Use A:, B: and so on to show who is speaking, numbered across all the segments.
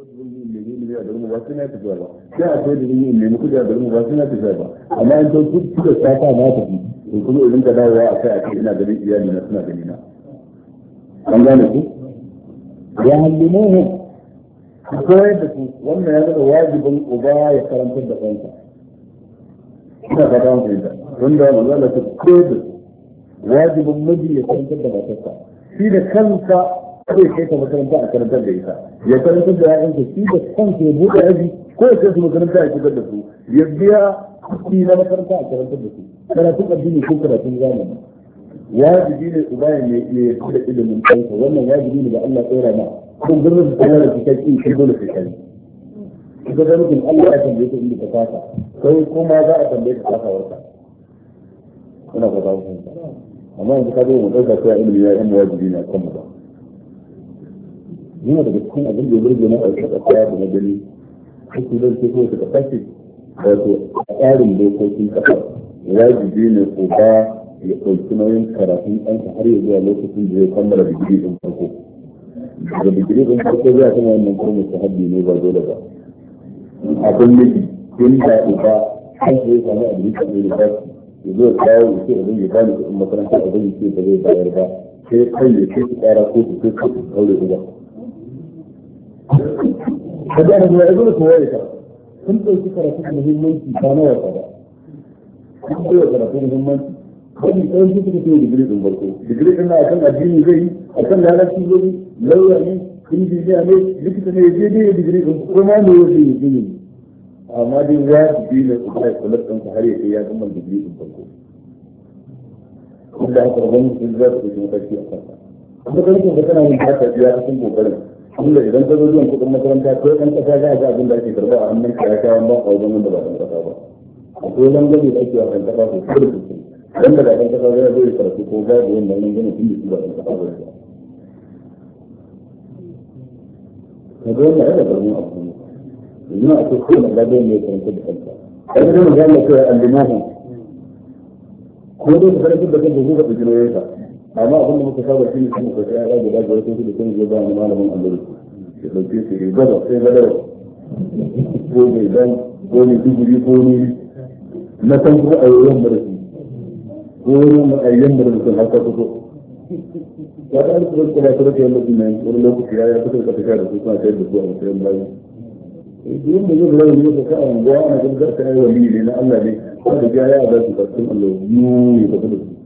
A: ba su na tafiya ba sai a kai da yin nemi kudi a garin ba su na tafiya ba amma in don duk kuka safa na tafi in kuma idan ka dawowa a kai a kai ina ganin iyali na suna gani na an gane ku ya hallimuhu ku koyar da ku wannan ya zama wajibin uba ya karantar da kansa ina ka dawo da wanda manzo Allah ta koyar da su wajibin miji ya karantar da matarsa shi da kansa zai kai ta makaranta a karantar da ita ya karantar da ƴaƴansa shi da kansa ya buɗe aji ko ya kai su makaranta a shigar da su ya biya kuɗi na makaranta a karantar da su karatun addini ko karatun zamani wajibi ne uba ya ne ya kuɗa ilimin ɗansa wannan wajibi ne da Allah tsora ma kun gurbin da tsara da kitabi shi dole sai kai idan da mutum Allah ya tambaye ka inda ka fasa kai kuma za a tambaye ka kasawarka ina ba za ku amma yanzu ka zo mu ɗauka cewa ilimi ya yi wajibi ne a kan mu ba yana da cikin abin da zai burge na a wata kaya da na da su zan ce ko ta kashe wato a tsarin dokokin ya wajibi ne ko ba ya ɗauki nauyin karatun ɗansa har ya zuwa lokacin da ya kammala digiri ɗin farko daga digiri ɗin farko zai kuma wannan kuma haɗi ne ba dole ba abin nufi tun da uba an zai samu abin da ya ba ya zo kawo ya ce abin ya ba ni kuɗin makaranta abin ya ce ba zai bayar ba sai kai ya ce su ƙara ko su ce su kaure uba ka ji annabi ya zo kowa ya sun ɗauki karatu da muhimmanci ba na wasa ba sun ɗauki karatu da muhimmanci wani ɗan su suka ce digiri ɗin farko digiri ɗin na akan addini zai yi akan lalaci zai yi lauya ne injiniya ne likita ne je dai digiri ɗin ko ma ne yau yi gini amma dai ya bi ne su kai kulat ɗin har ya kai ya gama digiri ɗin farko wanda haka rabon mutum za su ɗauki mataki a kansa kuma kan kan kana yin haka ya kasan kokarin tunda idan ka zo biyan kuɗin makaranta ko ɗan ƙasa za a ga abin da ake karɓa a hannun ka ya kayan ba a wajen wanda ba ɗan ƙasa ba akwai langwani da ake wa ɗan ƙasa sosai da sosai dan da ɗan ƙasa zai zo ya karatu ko babu wanda langwani tun da su ba ɗan ƙasa ba ya kaga wannan yana da wani abu ne yanzu a cikin kowane gado ne ya karanta da kanka kaga dai magana cewa allimahu ko dai ka karanta da kanka ko ka ɗauki nauyinka amma abin da muka saba shine kuma ka ga ya da gaba sun da kun ga ba malamin Allah ya dauke shi ya gaba sai gaba ko mai dan ko mai duburi ko ni na san ko ayoyin barki ko ni ayoyin barki haka ko ya da alƙur ko da kuma yalla din nan wani lokaci ya ya fito ka tafi da su kuma sai da su a matsayin bayi idan da zai rayu ne ka kawo gwa ana gaba ka ayi wali ne na Allah ne ko da ya ya da su ba sun Allah ne ya tafi da su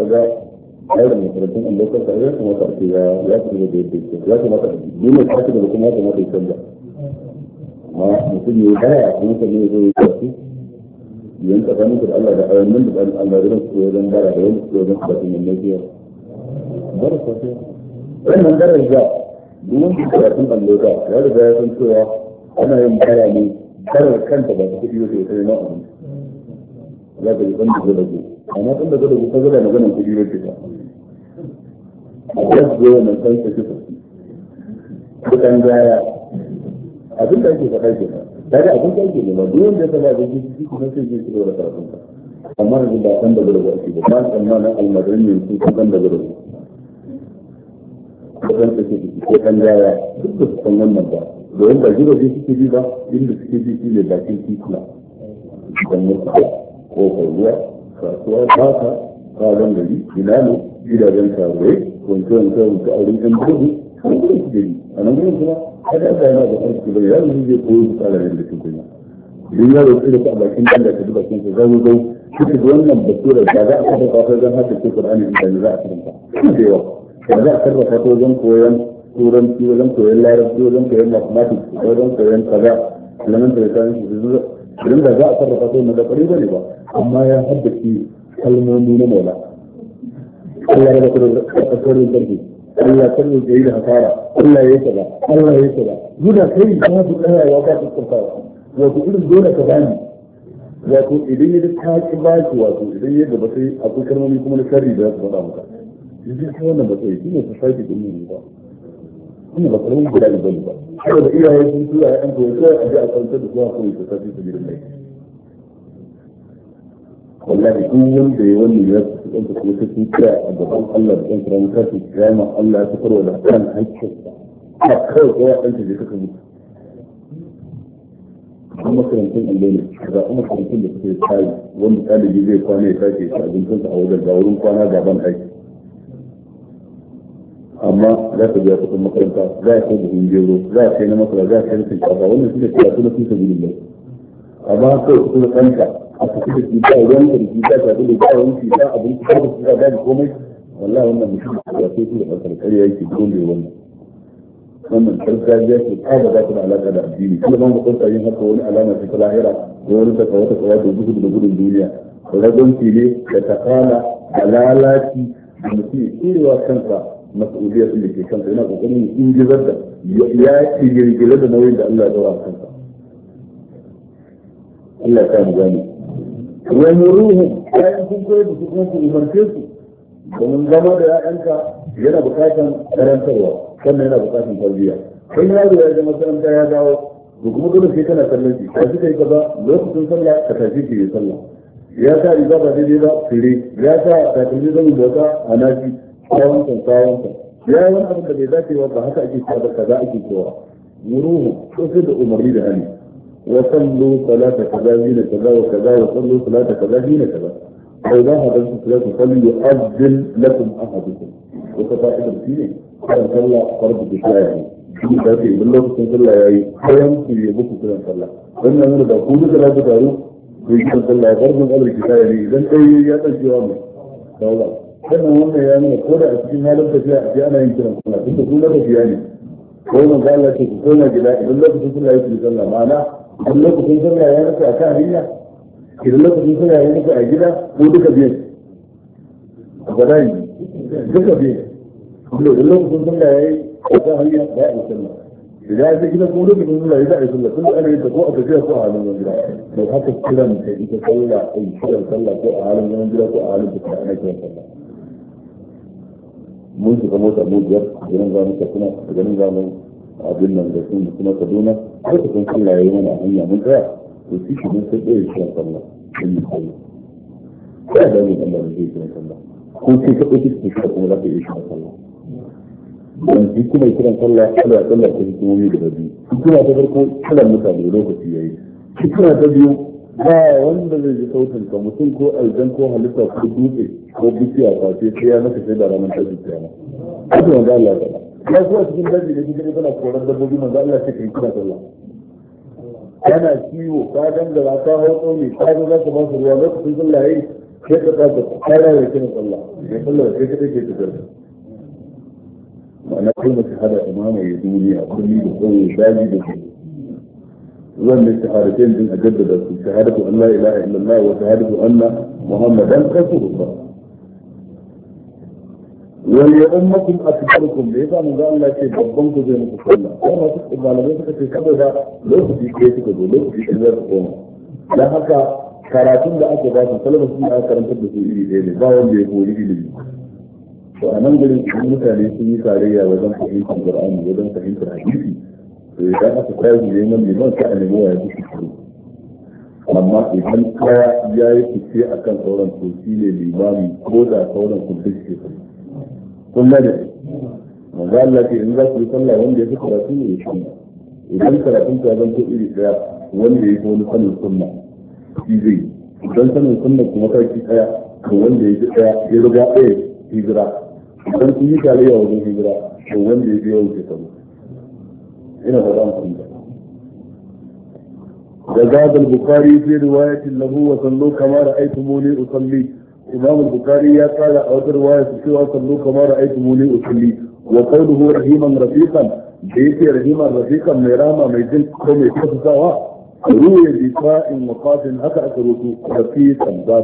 A: kaga aure ne kuma tun Allah kansa ya kuma ta ce ya ya ce da yake ya kuma ta ni ne ta ce da kuma ya kuma ta canza amma mutum ne da ya kuma ta ne zai ta ci yan ka sani da Allah da ayyukan da Allah da su ya dan bara da yanzu ko dan ba tin ne ke bar ko ce wannan daraja duk wanda ya san Allah da ya riga ya san cewa ana yin bara ne karar kanta ba ta kudi ba ta yi na abu za ka yi wanda zai rage amma tun da ku kaga da maganar kuɗi ne ke ba a kan zuwa mai san ta kisa kuɗan gaya abin da ake faɗa ke ba kaga abin da ake nema duk wanda ya saba abin da shi kuma sai zai ci gaba da ka amma yanzu ba san da gada ba ake ba ba tsammanin almadarin ne sun san da gada ba kuɗan ta kisa kan gaya duk da su wannan ba domin ba ji ba suke ji ba inda suke ji shi ne bakin tituna don yin kuɗa ko ruwa kasuwa fata kalan gari ina gidajen karuwai wanke wanke wanke auren yan gudu an gudu su gari a nan gudun kuma kada aka yana da arziki bai yaro zai koyo su tsara yadda su kuma idan yaro su da a bakin kan da ka bakin kun su zago zau kuka ga wannan basura da za a kafa kafa zan haka ce qur'ani da za a karanta da yawa kuma za a karanta ta wajen koyon turanci wajen koyon larabci wajen koyon mathematics wajen koyon kaza ilimin da ya san shi idan da za a karba kafa na da ƙwari ba ne ba amma ya haddace kalmomi na maula Allah ya da kasarin karfi Allah ya yi jayi da hasara Allah ya yi kaza Allah ya yi kaza guda kai ba su tsaya ya ba su tsarkawa wato irin dole ka bani wato idan ya ta ki ba shi wato idan ya ba sai akwai kalmomi kuma na sharri da za su faɗa maka yanzu kai wannan ba sai shi ne society din mu ba kuma ba kalmomi guda ne ba da iyaye sun tura ya ɗan koyi sai a je a karantar da su a koyi society ta gidan mai wallahi duk wanda ya wani ya su ɗan ta kuma sun kira a gaban Allah da ɗan kiramu ta su kira ma Allah ta farwa da kan haƙƙin ta kawai kowa ɗan ta je kaka mutu kuma makarantun Allah ne ga kuma makarantun da suke tsari wanda ɗalibi zai kwana ya tashi ya abincinsa a wajen ga wurin kwana gaban aiki amma za ka biya kuɗin makaranta za ka kai buhun gero za ka kai na masara za ka kai na shinkafa wannan shi ne karatu na fi sabilillah amma kawai kuɗin ɗanka a cikin da shi ba ruwan da shi ba ta da ba ruwan shi ba abin da ba shi ba da komai wallahi wannan mutum ya so shi da farkar ƙarya yake dole wannan wannan gargajiya ce ta da za ta da alaƙa da addini kuma ban ga tsotsa yin haka wani alama ce ta lahira ko wani ta kawata kawata gudu da gudun duniya ragonci ne da ta takala da lalaci da mutum ya tsirewa kansa mas'uliyar da ke kansa yana kokarin in da ya ci girgire da nauyin da Allah ya daura kansa Allah ya sa mu gane wa muruhu ayan kun koyar da su kuma ku umarce su domin zama da ya'yanka yana bukatan karantarwa sannan yana bukatan tarbiyya kai yaro ya je makaranta ya dawo to kuma dole sai kana kallon shi ka suka yi kaza lokacin sallah ka tafi ki sallah ya sa riga ba daidai ba fire ya sa takalmi zan bauta a nafi kawancan kawancan ya yi wani abin da bai dace ba haka ake cewa ba kaza ake cewa muruhu sosai da umarni da hali وصلوا صلاة كذا دين كذا وكذا وصلوا صلاة كذا دين كذا أو ذا هذا الشيء لا يؤذن لكم أحدكم وكفائد الدين يعني كان صلى فرض بشاية بالله سبحانه وتعالى يعي حيام في فرض من أمر كفاية لي إذن أي يأتي يعني قرع إيه يعني في ما لم تجاء أنا يمكن أن تكون لك يعني قولنا قال لك تكون جلائي بالله سبحانه وتعالى يسلم معناه idan lokacin sallah ya nufi a kan hanya idan lokacin sallah ya nufi a gida ko duka biyu a gada yi duka biyu idan lokacin sallah ya yi a kan hanya za a yi sallah idan ya fi gida ko lokacin sallah ya za a yi sallah sun ana yin ta ko a tafiya ko a halin wani gida mai haka kiran ta ita sallah a yi kiran sallah ko a halin wani gida ko a halin da ta ana kiran sallah mun shiga mota mu biyar ganin zamu tafi na ganin zamu abin nan da sun kuma kaduna ko ta kun kira yi mana hanya mun tsaya to shi shi mun sai ɗaya shi sallah in yi kai ko da ne Allah zai yi sallah ko sai ka ɗauki shi ka kuma za ka yi shi sallah dan shi kuma kiran sallah kalla ya sallah ta hikimomi da rabi kuma ta farko kalan mutane lokaci ya yi yayi kuma ta biyu ba wanda zai ji sautin ka mutum ko aljan ko halitta ko dutse ko bishiya ba sai ya maka shaida ranar ta zuciya ba. Haka wanda Allah ba. ya zuwa cikin daji da cikin tana koran dabbobi manzo Allah ta kai kira sallah kana kiwo ka dangara ka hau tsauni ka zo za ka ba su ruwa lokacin sallah yayi sai ka tsaka kana da kiran sallah ya sallah sai ka take ta sallah ma'ana kai mutum hada imama ya duniya kulli da kowa daji da kowa zan da shahadatain din a jaddada su shahadatu an la ilaha illallah wa shahadatu anna muhammadan rasulullah wani ummatin a cikin da ya sa manzo Allah ce babban ku zai muku sallah ko ma su malamai suka ce kada da lokaci ko suka zo lokaci ko zai koma dan haka karatun da aka ba su salama sun aka karanta da su iri ɗaya ne ba wanda ya koyi ilimi to a nan gurin mutane sun yi tarayya wajen fahimtar Qur'ani wajen fahimtar hadisi to idan aka tsaya neman liman sai a nemi wa ya fi amma idan kaya ya yi fice akan sauran to shi ne limami ko da sauran kun ke su kun gane manzo Allah ce in za ku yi sallah wanda ya fi karatu ne ya shi idan karatun ta zan ko iri daya wanda ya fi wani sanin sunna shi zai idan sanin sunna kuma sarki daya to wanda ya ji daya ya riga daya hijira idan kun yi tarayya wajen hijira to wanda ya biya wuce sabo ina za mu faɗa muku da وزاد البخاري في رواية له وصلوا كما رأيتموني usalli. إمام البخاري قال أوتر رواية سوى صلوا كما رأيتموني أصلي وقوله رحيما رفيقا بيتي رحيما رفيقا ميراما ميزين كومي كفزاوا روي بقاء وقاف هكا أكروتو رفيقا دا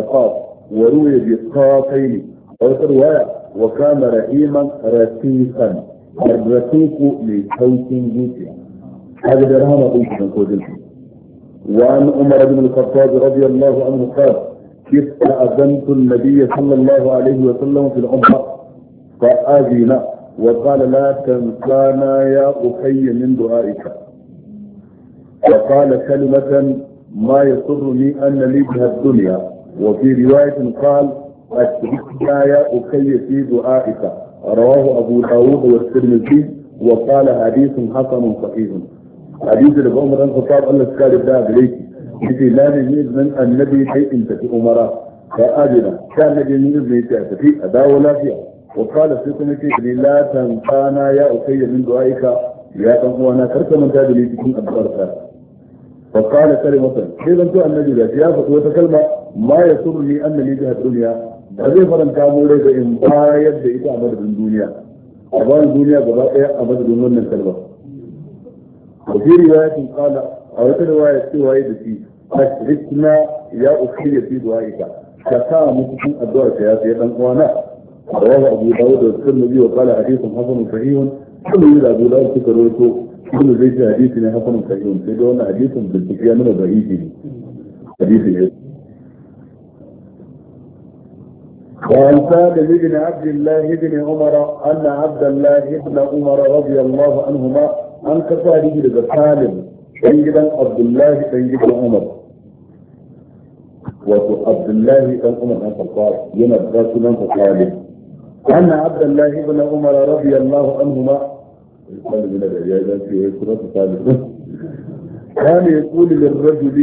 A: فاء وروي بقافين أوتر رواية وكان رحيما رفيقا الرفيق لصوت جوتيا هذا درهم أوتر من وعن عمر بن الخطاب رضي الله عنه قال إذ أذنت النبي صلى الله عليه وسلم في العمرة فآذينا وقال لا تنسانا يا أخي من دعائك وقال كلمة ما يسرني أن لي بها الدنيا وفي رواية قال أشركنا يا أخي في دعائك رواه أبو داود والترمذي وقال حديث حسن صحيح حديث لبعمر أن خطاب الله سكار الدعاء عليك yace la ne ne zan annabi sai in tafi umara ka adina ka annabi ne zai yace a tafi a dawo lafiya wa qala sai kuma yace ni la tantana ya ukayya min du'aika ya dan uwana karka manta da ni cikin addu'arka fa qala mutum sai dan to annabi da ya faɗi wata kalma ma yasurni annani biha dunya ba zai faranta mu rai da in bayar da ita a madadin duniya a bayan duniya gaba ɗaya a madadin wannan kalma ya kala وفي رواية قال cewa رواية da shi فاشركنا يا أخي في دعائك كسام مسلم الدعاء يا سيد أنقوانا رواه أبو داود به وقال حديث حسن صحيح كل إلى أبو داود سكروته كل ليس حديث حسن صحيح سيد أن حديث بالتكيا من ضعيفه حديث إيه؟ وعن سالم بن عبد الله بن عمر أن عبد الله بن عمر رضي الله عنهما أنكر هذه لسالم dan gidan Abdullahi dan gidan Umar wato Abdullahi dan Umar dan Khattab yana da sunan sa Talib anna Abdullahi ibn Umar radiyallahu anhuma Talib ne da ya zance ya kura ta Talib كان يقول للرجل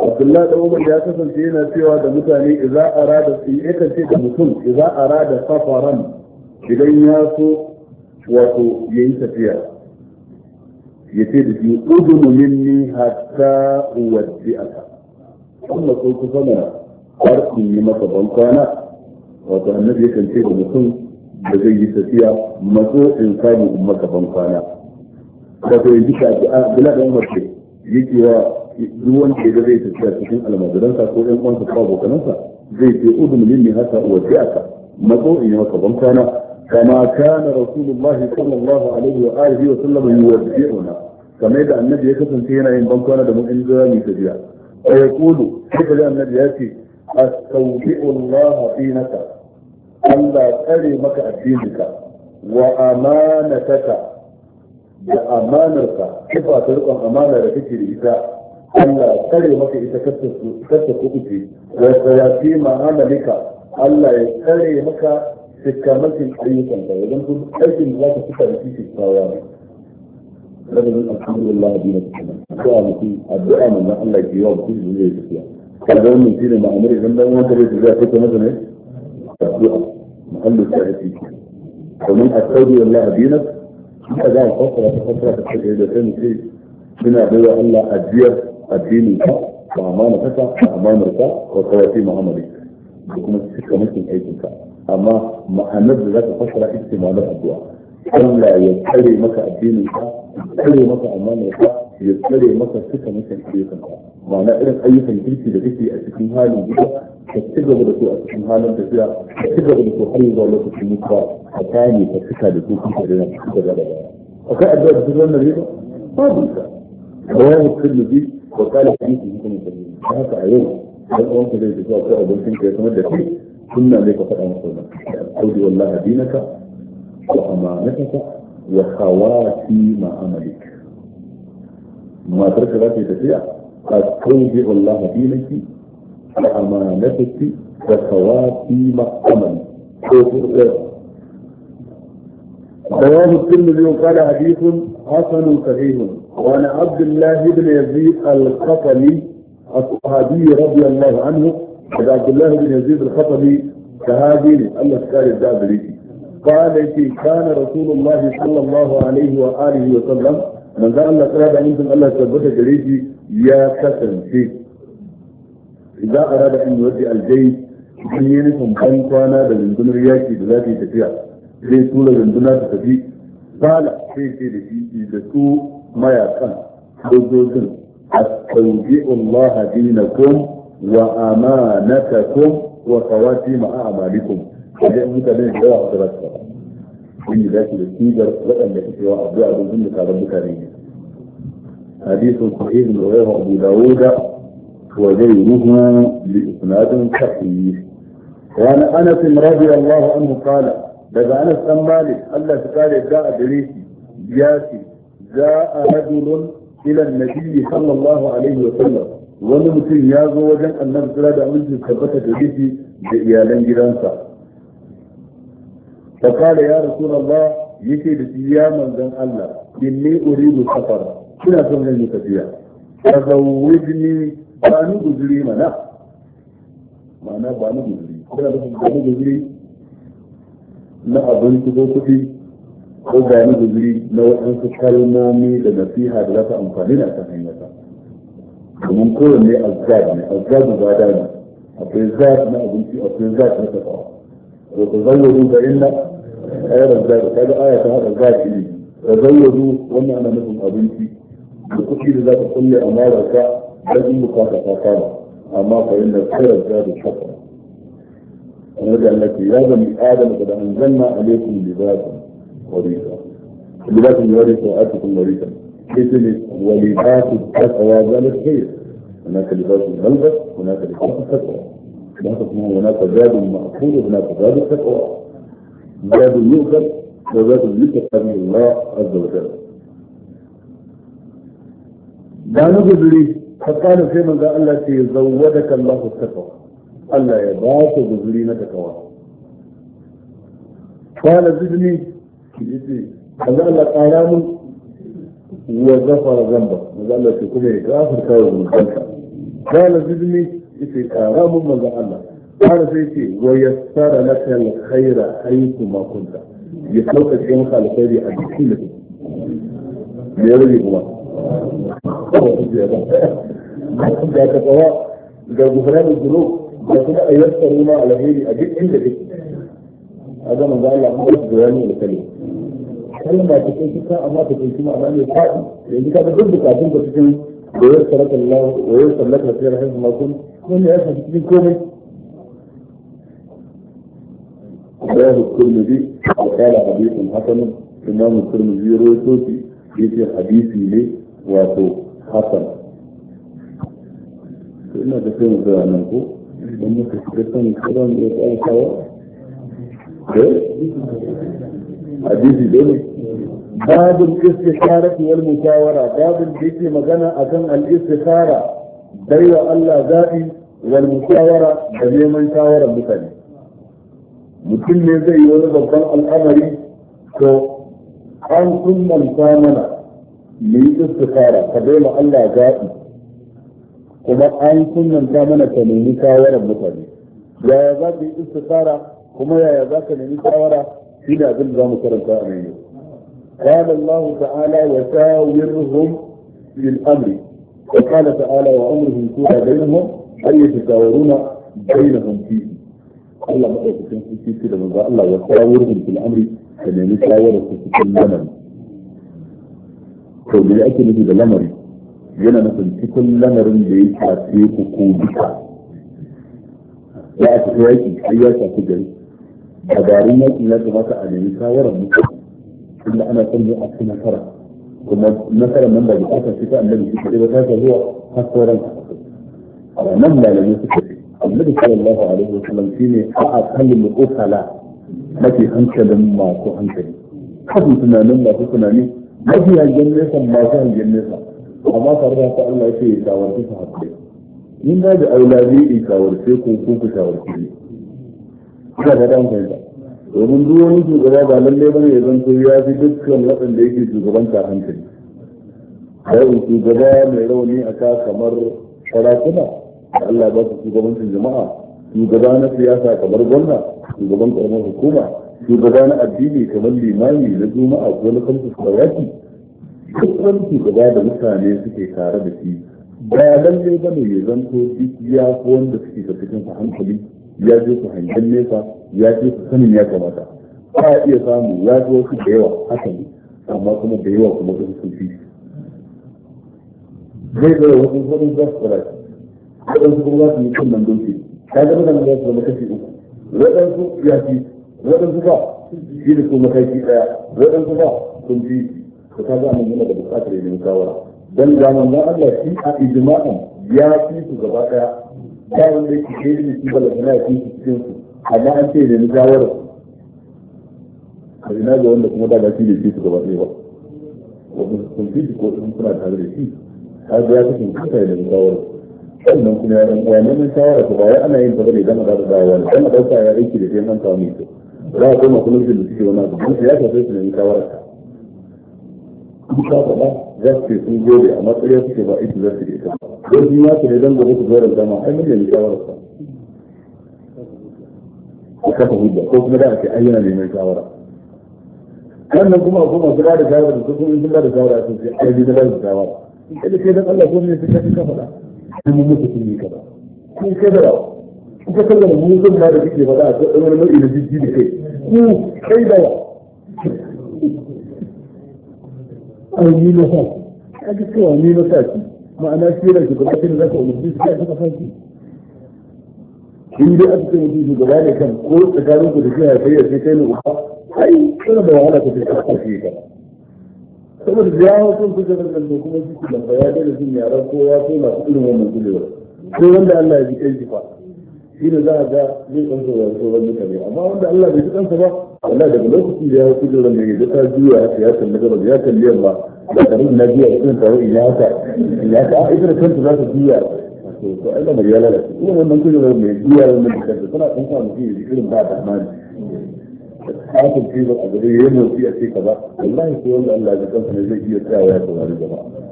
A: عبد الله بن عمر ya kasance yana cewa da mutane idza arada yake ce da mutum idza arada safaran idan ya so wato yayi tafiya ya ce da shi udunu minni hatta uwaddi aka kuma sun ku sana har in yi maka ban kwana wato annabi yakan ce da mutum da zai yi tafiya matso in samu in maka ban kwana wato yanzu ka ji a ah, bila da umar ce yake wa duk wanda ya zai tafiya cikin almajiransa ko ɗan uwansa ko abokanansa zai ce udunu minni hatta uwaddi aka matso in yi maka ban kwana kama kana rasulullahi sallallahu alaihi wa alihi wa sallam yuwaddi'una kamar da annabi ya kasance yana yin banko da mu in zama mai tafiya fa yaqulu kaifa da annabi ya ce astawdi'u allaha dinaka allah tsare maka addininka wa amanataka da amanarka ka ba ta amana da kake da ita allah tsare maka ita kasta kuɗi wa sayafi ma'amalika allah ya tsare maka cikamakin ayyukan da wajen kuma aikin da za ka fita da shi cikkawa rajulun alhamdulillah bi na cikin ko a mutum addu'a mun nan Allah ke yawa mutum da zai tafiya kaga wannan shine ma'amari idan dan wanda zai tafiya ko kuma ne addu'a muhallu shahidi ومن أستودع الله دينك أنت ده فترة فترة تتحكي إذا كان في من أدوى ألا أدير الدين لك وأمانتك وأمانتك وخواتيم عملك وكما تشكى مثل أيدك أما ما أنزل لك فشرة احتمال الدعاء ألا يتحري مكا الدين الكا يتحري مكا أمان الكا يتحري مكا سكا مكا الشيخ الكا معنى إذا أي فنجلسي لديك أسكن هالي بيها تتجد بلتو أسكن هالا تتجد تتجد بلتو حريضا لك في مكا حتاني فسكا لكو في شرنا بسكا غدا غدا وكا أدوى بسرنا ريضا ما بيسا وهو كل دي وقال حديثي هكذا من فنجلسي فهذا أيضا هل أنت لديك أسكن هالا كنا لك فأنا قلنا أعود والله دينك وأمانتك وخواتي ما عملك ما ترك ذاتي تسيع أتوجع الله دينك وأمانتك وخواتي ما عملك رواه الترمذي وقال حديث حسن صحيح وعن عبد الله بن يزيد القطني الصحابي رضي الله عنه عبد الله بن يزيد الخطبي كهادي sahabi ne الدابري قال يتي كان رسول الله صلى الله عليه وآله وسلم من ذا الله تعالى منكم الله ثبت جريجي يا كسر في إذا أراد أن يودي الجيش ينكم كان كان بالجندن رياكي بذاتي تفيع زي طول الجندن تفيع قال في في في لسو ما يكن دوزن أستودع الله دينكم وأمانتكم وخواتيم أعمالكم فجأة متى من الجواء أفضلتها إني ذاك الاتيجر لأن يكتوى أبوى أبو الدنيا كعرب كريم حديث صحيح من رواه أبو داوود وغيره بإسناد صحيح وعن أنس رضي الله عنه قال لذا أنس أم مالك ألا تقال جاء بريسي ياسي جاء رجل إلى النبي صلى الله عليه وسلم wani mutum ya zo wajen annabi sura da aminci tabbata da shi da iyalan gidansa fa kala ya rasulullah yake da shi ya manzon Allah inni uridu safar kina son zan yi tafiya tazawwijni ba ni guzuri mana ma'ana ba ni guzuri kina da ba guduri guzuri na abinci ko kuɗi ko ba ni guzuri na waɗansu kalmomi da nasiha da za ta amfani na ta hanyar domin kowanne azzad ne azzad ba da ne akwai zad na abinci akwai zad na tafawa ko ta zayyadu da inna ayar azzad ta ga aya ta haɗa zad ne ta zayyadu wannan ana nufin abinci da kuɗi da za ka kulle a mararka don in bukata ta kama amma fa inna khairar zad tafawa ونرجع لك يا بني ادم قد انزلنا عليكم لباسا وريثا لباسا يورث سوءاتكم وريثا الكتل ولباس التقوى ذلك خير هناك لباس الملبس هناك لباس التقوى هناك زاد مأكول وهناك زاد التقوى زاد يؤخذ وزاد يؤخذ من الله عز وجل لا نجد لي فقال في من قال الله زودك الله التقوى ألا يباس بذلينك كواه قال زدني قال الله قال وغفر ذنبه وقال في كل آخر كاوز من خلقه قال زدني اتي اغام ما زعلنا قال زيتي ويسر لك الخير حيثما كنت يسلوك الشيخ خالق سيدي عدكي لك ليرجي بما جاءت قواء قال غفران الجنوب لكن ايسر لنا على غير اجد عندك هذا ما قال الله عمرو الجواني kalma ta kai kika amma ta kai kuma amma ne faɗi da yanzu ka ga duk bukatun ka cikin da ya sallaka Allah wa ya sallaka sai rahimu ma kun kun ya sa cikin komai Allah al-Tirmidhi wa qala hadithun hasan Imam al-Tirmidhi rawaito shi yace hadisi ne wato hasan to ina da kai mu da nan ko dan muka shiga kan kiran da ya kawo eh hadisi dole babin istikhara wal mutawara babin da yake magana akan al istikhara wa Allah zabi wal mutawara da neman shawarar mutane mutum ne zai yi wani babban al'amari to an kunnanta mana mu yi istikhara ka daina Allah zabi kuma an kunnanta mana ka nemi shawarar mutane yaya za ka yi istikhara kuma yaya za ka nemi shawara قال الله تعالى وساورهم في الامر وقال تعالى وامرهم شورى بينهم ان يتشاورون بينهم فيه الله ما في كده من الله وساورهم في الامر كان يعني يتشاور في كل to me ake في الأمر lamari مثلا في كل lamarin da ya shafe ku ko duka ya a garin yaƙi ya kamata a nemi shawarar mutane inda ana son ne a ci nasara kuma nasarar nan ba da kasar shi ta annabi shi kaɗai ba ta zuwa har sauran a nan malamai suka ce annabi sallallahu alaihi wa sallam shi shine a akalin mu'ukala mafi hankalin masu hankali kafin tunanin masu tunani mafi hangen nesa masu hangen nesa amma tare da haka Allah ya ce ya shawarci su haƙƙi in na da aula zai shawarce ko ko ku shawarce ne ina ta dan fahimta domin duk wani shugaba ba lalle ba ne ya zanto ya fi dukkan waɗanda yake shugabanta hankali yau shugaba mai rauni a ka kamar sarakuna da Allah ba su shugabancin jama'a shugaba na siyasa kamar gwamna shugaban karamar hukuma shugaba na addini kamar limami na juma'a ko na da yaki duk wani shugaba da mutane suke tare da shi ba lalle ba ne ya zanto duk ya fi wanda suke cikin hankali ya je ku hangen nesa ya je ku sanin ya kamata ba iya samu ya ji wasu da yawa haka ne amma kuma da yawa kuma wasu sun fi zai zai wasu wani za su tsara waɗansu kuma za su yi kan nan doki ta zama da za su zama kashi uku waɗansu ya fi waɗansu ba shi da kuma kashi ɗaya waɗansu ba sun fi ka ta zama nan yana da bukatar yin kawara dan zaman Allah shi a ijima'an ya fi su gaba ɗaya da wanda yake ke yi shi bala kana fi cikin su amma an ce da ni gawar a ina ga wanda kuma da ba shi da shi su gaba ɗaya ba wanda sun fi ko sun suna tare da shi har da ya fi sun kuka da ni gawar sannan kuma ya ɗan uwa neman shawara ku ba ya ana yin ta bane idan a zaɓa dawowa ne dan a ɗauka ya aiki da ke an samu mai kyau za a koma kullum da suke wani abu kuma ya shafe su da ni gawar ka. Kuka faɗa za su sun gode a matsayin suke ba ita za su ke ta don shi ma su ne don gobe su zoron dama ai mun yanzu shawarar sa a kafa hujja ko kuma da a ce yana neman shawara wannan kuma akwai masu ba da shawara su kuma sun ba da shawara sun ce ai ne ba da shawara sai da ke dan Allah ko ne su ka kafa da ai mun mutu sun yi kaza kun kai da rawa kuka kallon mun zan ma da kike faɗa a wani nau'i na jijji da kai ku kai da rawa أو ميلوفاكي أجل سوى ميلوفاكي ما أنا أشير لك كنت أشير لك ومجدي سكاكي فاكي in dai aka ce mutum shugaba ne kan ko tsakanin ku da shi haifai ya sai kai ne uba ai kana da wahala ka fita ka fiye ka saboda da yawa sun fi ganin da kuma shi kuma ba ya daga jin yaran kowa ko masu irin wannan gudewa ko wanda Allah ya ji kai shi fa shi ne za a ga zai kansa wa sauran mutane amma wanda Allah bai ji kansa ba Allah daga lokaci da ya kudu da mai ta juya haka ya kalli gaba ya kalli yamma da tare na biya cikin taro in ya haka in ya haka a ita da kanta za ta juya to ai lamar ya lalace ina wannan kudu da mai juya wannan da kanta tana ɗan sa mutum ya ji irin ba da mani haka ce ba a gaba ya yi motsi a ce ka ba wallahi ko wanda Allah ya kansa ne zai iya tsayawa ya saurari jama'a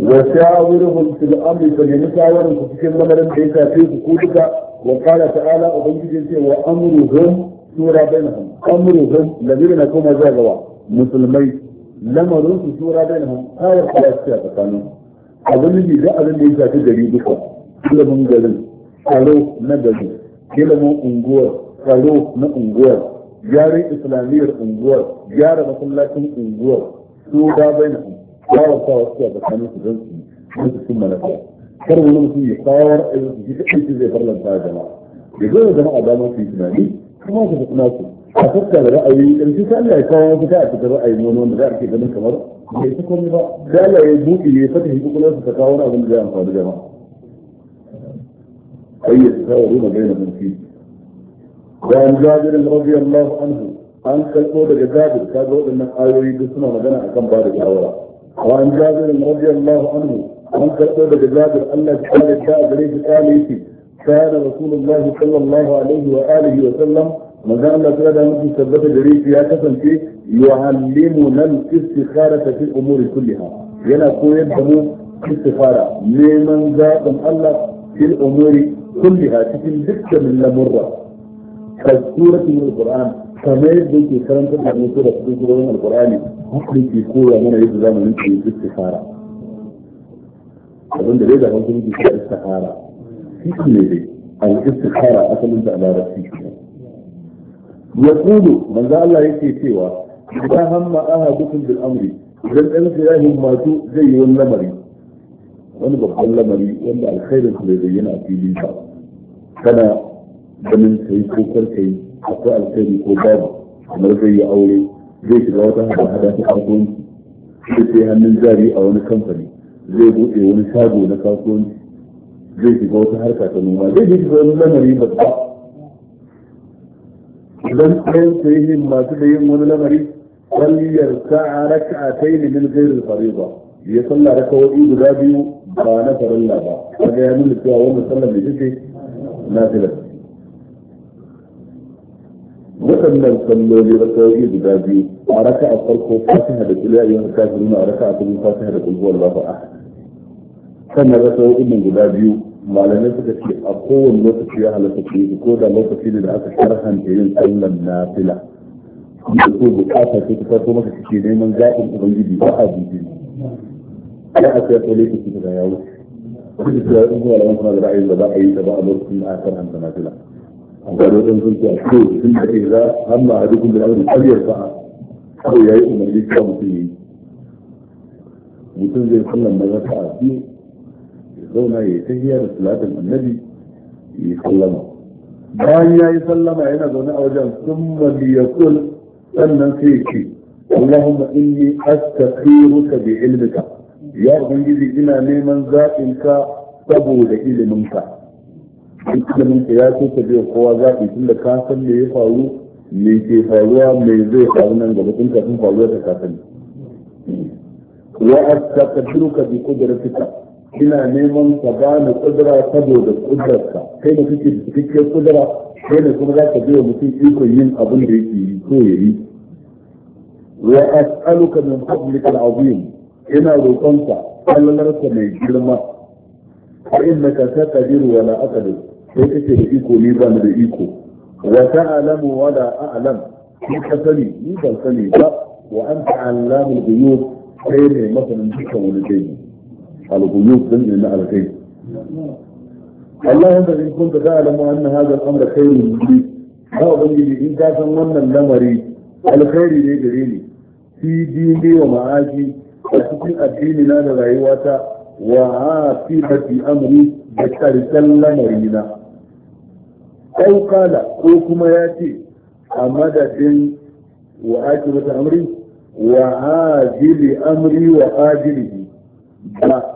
A: وشاورهم في الامر فلنشاورهم في كل مره ليس فيه قوتك وقال تعالى أبنجي وأمرهم شورى بينهم أمرهم الذين كما زاغوا مسلمي لما رنسوا شورى بينهم هاي الحياة السياسة كانوا أبنجي جاء لن يشاك جري بكم كل من جري قالوا نجري كل من أنقوى قالوا نأنقوى جاري إسلامي أنقوى جاري مثل مسلاتهم أنقوى شورى بينهم هاي الحياة السياسة كانوا تجري بكم ثم نجري kar wani mutum ya kawar aiki shi kaɗai zai farlanta jama'a ya zo jama'a damar su yi tunani kuma su fi nasu a fuska da ra'ayi ƙarshe sai Allah ya kawo wata a cikin ra'ayi wani wanda za a ke ganin kamar bai ta komai ba sai Allah ya buɗe ya fata shi kukulan su ta kawo wani abin da zai amfani jama'a ayyar ta kawo ruma gaina mulki bayan jabirin radiyallahu anhu an karɓo daga jabir kaga waɗannan ayoyi duk suna magana akan ba da shawara وعن جابر رضي الله عنه أن تقول لجابر أن الحال الشاء بريد آله كان رسول الله صلى الله عليه وآله وسلم مدام لا تلدى مثل سبب جريف في كسن في يعلمنا الاستخارة في الأمور كلها ينا كو يبهمو استخارة لمن ذات الله في الأمور كلها تكن ذكة من المرة كالسورة من القرآن كما يبدو في سلام من سورة القرآن هكذا في هنا من يبدو من الاستخارة abin da zai da hankali bi ta istikhara shi ne dai al istikhara asalin da larabci yaqulu manzo Allah yake cewa idan hamma ahadukum bil amri idan ɗan sa ya himmatu zai yi wani lamari wani babban lamari wanda alkhairin su bai bayyana a fili ba kana ganin kai ko karkai akwai alkhairi ko babu kamar zai yi aure zai shiga wata hada-hada ta kasuwanci sai sai hannun jari a wani kamfani zai buɗe wani shago na kasuwanci zai shiga wata harka ta noma zai je shiga wani lamari babba idan ɗayan su yi masu da yin wani lamari kwalliyar sa'a raka'atai ne min zai gairin fariba ya sallah raka'o'i guda biyu ba na farilla ba wanda ya nuna cewa wani sallar da jike na fi lafi waɗannan salloli raka'o'i guda biyu a raka a farko fatiha da kula yawan kafiruna a raka a kuma fatiha da kulhuwar lafa a sannan rasa wa'in guda biyu malamai suka ce a kowane lokaci ya halatta ku yi ko da lokaci ne da aka sharhanta yin sallan nafila da ko bukata ce ta farko maka kike neman zaɓin ubangiji ba a jinkiri ya a sai ko lokaci da ya wuce duk da cewa in kuma malaman suna da ra'ayin da za a yi da ba a lokacin da aka sharhanta nafila a ga lokacin sun ce a ko sun da ke za hamma a dukkan da aure ƙaryar sa'a kawai ya yi umarni cewa mutum yi mutum zai sallan maza raka a biyu ya zauna ya yi ta da salatin annabi ya yi sallama bayan ya yi sallama yana zaune a wajen sun kul sannan sai ya ce اللهم إني ilmika ya يا ina neman zaɓin ka saboda iliminka in iliminka ya so ka biya kowa zaɓi tun da ka san me ya faru me ke faruwa me zai faru nan gaba tun kafin faruwa ta kafin wa ka bi qudratika ina neman ka bani kudura saboda kudurarka kai da kake da cikakken kudura kai ne kuma za ka biya mutum iko yin abin da yake yi ko ya yi wa as'aluka min fadlika al'azim ina roƙonka kallarka mai girma fa innaka taqdiru wa la aqdir sai kake da iko ni ba da iko وتعلم ولا أعلم كيف سلي إذا سلي وأنت علام الغيوب خير مثلا بك ولدين الغيوب من إن خير اللهم إن كنت تعلم أن هذا الأمر خير لي لا أبني إن كان من لمري الخير لي جريني في ديني ومعاشي لا نرى لنا رأيواتا وعافيتي أمري بكتر سلم رينا أو قال كوكما ياتي أمدد وآجلة أمري وآجل أمري وآجله لا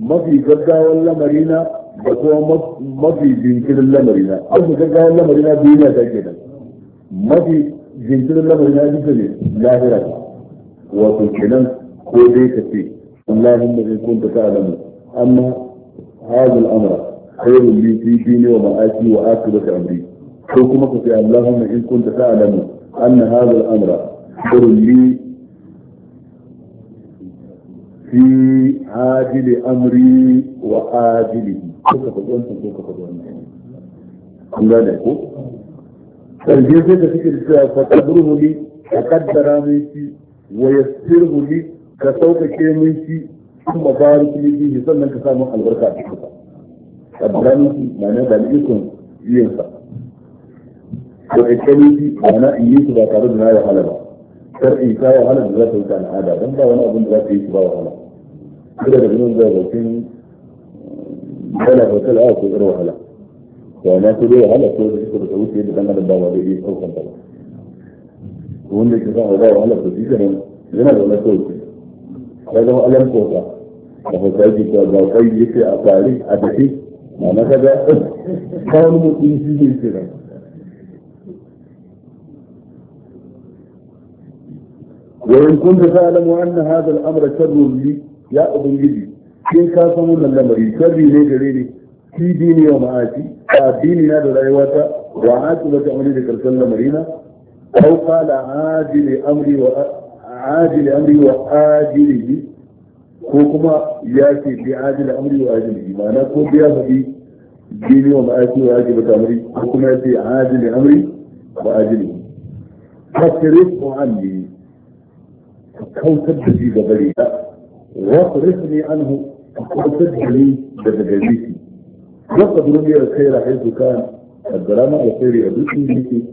A: ما في جدا ولا مرينا بس ما في جنكر الله مرينا أو جدا ولا مرينا بينا تجدا ما في جنكر الله مرينا بينا لا غير وتكلم كودي فيه اللهم إن كنت تعلم أما هذا الأمر khairun لي fi ديني wa ma'ashi wa akibata amri ko kuma ka ce Allahumma in kunta ta'lamu anna hadha al-amra khairun li fi ajili amri wa ajili ko ka faɗi ko ka faɗi wannan an gane ko sai ka fikir cewa ka kaddara mai shi wa yassirhu li ka sauƙaƙe min shi kuma sannan ka samu albarka قدرني معناه بلقيكم ينفع وإكلتي معناه إيش بطرد ما يحلى بقى شرعي كا يحلى بذات وكان عادة دم بقى وانا أظن ذات إيش بقى وحلى كده بجنون ده بلقين بلا فتل يعني آه كده وحلى وما كده وحلى كده بشكل بتعود يدي بنا لبابا دي إيش أو كان طبعا وإن كده وحلى بسيطة من زنا ولا كده هذا هو ألم كوكا وهو سيدي كوكا وقيد يكي أطاري أدحي وإن كنت تعلم أن هذا الأمر شر لي يا جدي كيف كاسم من الأمر شر لي جريني في ديني ومعاتي ديني هذا الأيوات لك أمري ذكر صلى مرينا أو قال عاجل أمري وعاجل أمري وآجله ko kuma ya ce bi ajil amri wa ajil imana ko bi ya faɗi dini wa ma'aji wa ajil bata amri ko kuma ya ce ajil amri wa ajil fasirif wa anni ka kautar da shi ga bari ta wasirif ne anhu ka kautar da ni daga gari shi yadda duniya alkhaira haizu kan kaddara ma alkhairi a dukkan yake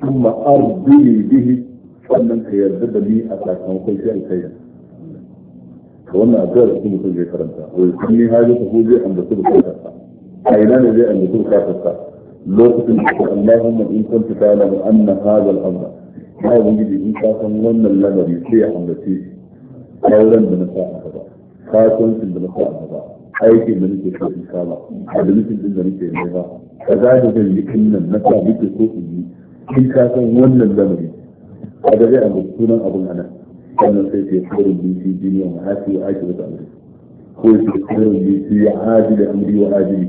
A: kuma arzini bihi sannan ka yarda da ni a sakamakon shi alkhaira da wannan addu'ar da mutum zai karanta wai kulli hali ta huje an da su bukatar a ina ne zai an da su bukatar sa lokacin da ke Allahumma in kunta ta'lamu anna hadha al-amr ya ubangiji in ka san wannan lamari sai ya ambace shi auren da na sa a gaba kasuwancin da na sa a gaba aikin da nake so in kama adalcin din da nake yi ba za da zan yi kinnan na sa nake so in yi in ka san wannan lamari a da zai ambace sunan abin anan sannan sai ke tsoron bisi duniya ma hasi wa aji wata amri ko ya ce tsoron bisi ya aji da amri wa aji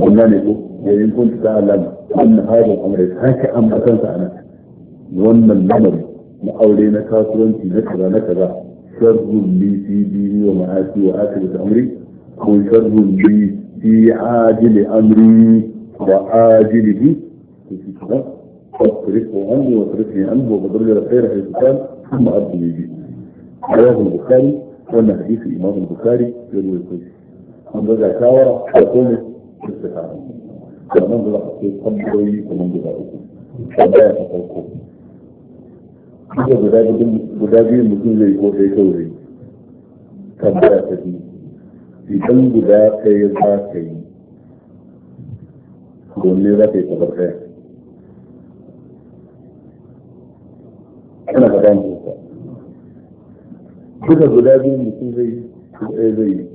A: wannan ne ko ya yi kun ta alam wannan harin amri haka an batansa a nan wannan lamarin na aure na kasuwanci na kaza na kaza sharrun bisi duniya ma hasi wa aji wata amri ko sharrun bisi في عاجل أمري وعاجله في كتاب واصرفه عني واصرفني عنه وبدل الخير في الكتاب ثم أبدي يجيب رواه البخاري قلنا حديث الإمام البخاري يروي كل من رجع شاورة يقول استخارة ومن رجع حقيق قبضي ومن رجع أكل فبايا تطلقه إذا بدابين mutum zai ko sai kawai tambaya ta biyu idan guda ɗaya za ka yi domin za ka yi kamar ɗaya kana da gani ka duka guda biyu mutum zai ɗaya zai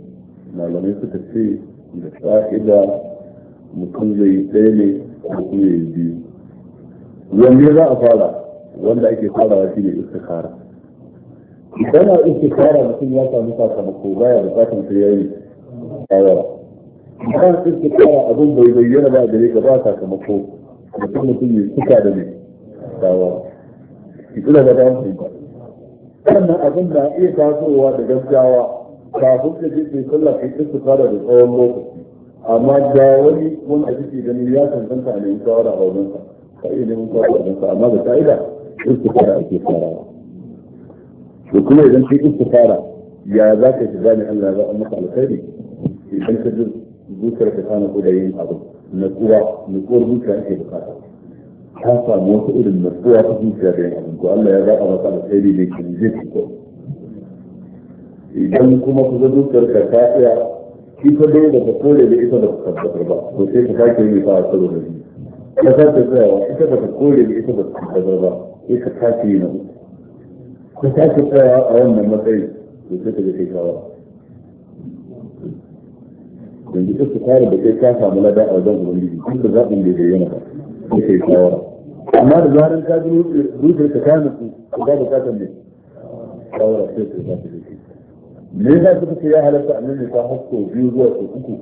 A: malamai suka ce da ƙa'ida mutum zai ɗaya ne ko kuma ya biyu wanne za a fara wanda ake farawa shi ne iska istikara idan a istikara mutum ya samu sakamako baya bukatar sai ya yi shawara idan istikara abin bai bayyana ba gare ka ba sakamako mutum mutum ya suka da mai shawara ki kula da bayan su ba wannan abin na iya tasowa da gaggawa kafin ka je kai sallah kai kisa fara da tsawon lokaci amma ga wani wanda kike gani ya tantanta a neman shawara a wajen sa ka iya neman shawara a wajen sa amma da ka'ida kisa fara ake farawa to kuma idan kai kisa fara ya za ka shiga ne Allah ya zaɓa maka alkhairi idan ka ji zuciyarka ta na kudayin abu na kuwa na kuwar zuciya ake bukata ta samu wata irin natsuwa ta zuciya da yin abin ko Allah ya zaɓa masa alkhairi ne kan zai ko idan kuma ku zo zuciyar ka ta iya ita dai da ta kore da ita da ta tabbatar ba ko sai ka sake yi ta a karo da biyu ka sake tsayawa ita da ta kore da ita da ta tabbatar ba sai ka sake yi na uku ka sake tsayawa a wannan matsayi ko sai ka ga kai kawa yanzu duk su tare da kai ka samu ladan a wajen ubangiji duk da zaɓin da ya yi maka sai ka yi shawara amma da zarar ka ji dukiyar ka ta nufi ko ka bukatar ne shawara sai ka ba ta da shi me yasa suka ce ya halatta annabi ta hasko biyu zuwa ko uku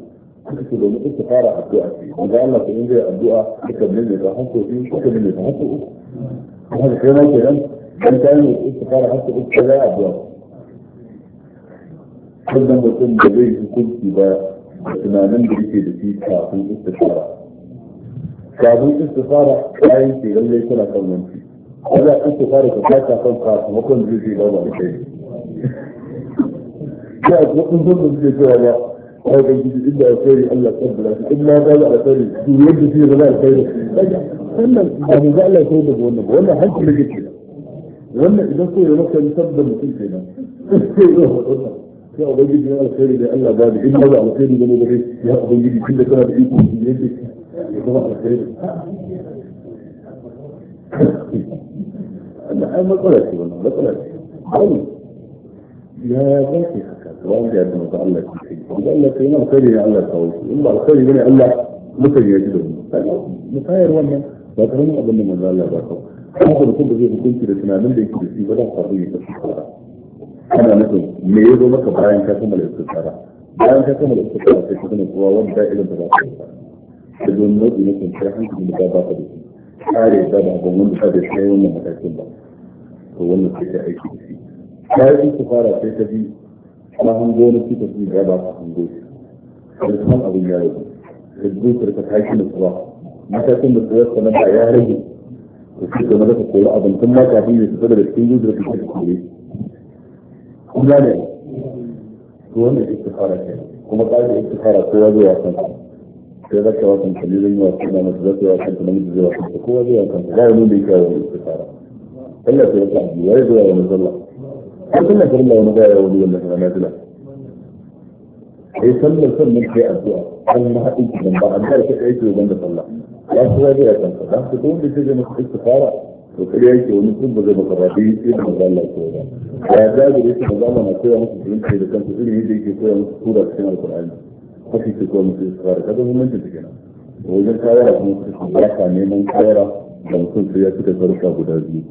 A: suka ce domin ita fara addu'a ce wanda Allah ko in zai addu'a suka ne ta hasko biyu suka ne ta hasko uku kuma da kai ma kenan dan ta yi ita fara hasko uku ta zai addu'a kullum mutum da zai hukunci ba tunanin da yake da shi kafin ita fara kafin istifara kayan ke lalle suna kan wanci Allah istifara ka kasa kan sakamakon zai zai gama da kai ya ko in zo da zai cewa ba ai ga gidi inda alkhairi Allah kabbala shi in ma ga alkhairi to yadda zai zama alkhairi sannan ba mu ga Allah sai da wannan wannan hankali ne kenan wannan idan ko da maka mutabbar mutum kenan sai ya wannan يا أبو جدي أنا خير إلى الله بعد إن هذا على خير من الله يا أبو جدي كل سنة بإيكم يدك صباح الخير لا ما طلعت والله ما طلعت قوي يا باكي هكذا وارجع لما قال لك قال لك ما الخير يا الله قوي والله الخير بني الله ممكن يجدهم مخير والله ba ta hannun abin da manzo Allah ba ka kuma da kuma zai hukunci da tunanin da yake da shi ba za ka rubuta shi ba kana nufin me ya zo maka bayan ka kammala istikhara bayan ka kammala istikhara sai ka sanin kowa wanda da ilin da za ka yi da zuwan nau'i na kwanciyar hankali da ba ka da shi kare da ba ban wanda ta da sai wannan matakin ba to wannan sai ta aiki da shi kayan su fara sai ta bi ma hango wani cuta su da ba ka hango shi sai san abin ya rage da zuciyar ka tashi da tsuwa matakin da tsuwar sanar da ya rage da shi da maka koyi abin tun ma kafin ya fita daga cikin zuciyar ka tashi kore kun gane to wannan istifara ce kuma ƙa'idar istifara kowa zai wasan sai zaka wa kan kalli zan yi wa kan mace zaka wa kan namiji zai wa kan kowa zai wa kan ba wani da yake wa istikara Allah sai ka ji wai zai wa sallah har kana karin da wani gaya wani wannan sana tuna sai sallar sannan sai addu'a an ma haɗin kidan ba an kare kai yake ban da sallah ya kowa zai wa kan sallah ko wanda yake zai maka istikara to kare yake wani sun ba zai maka ba dai sai da manzo Allah ko ba ya da da yake manzo Allah na koya musu dinki da kansu irin yadda yake koya musu sura cikin alqur'ani kashi ce ko mutum su fara kaga bambancin su kenan wajen kayara kuma su ba ka neman kayara da mutum sai ya fita sarka guda biyu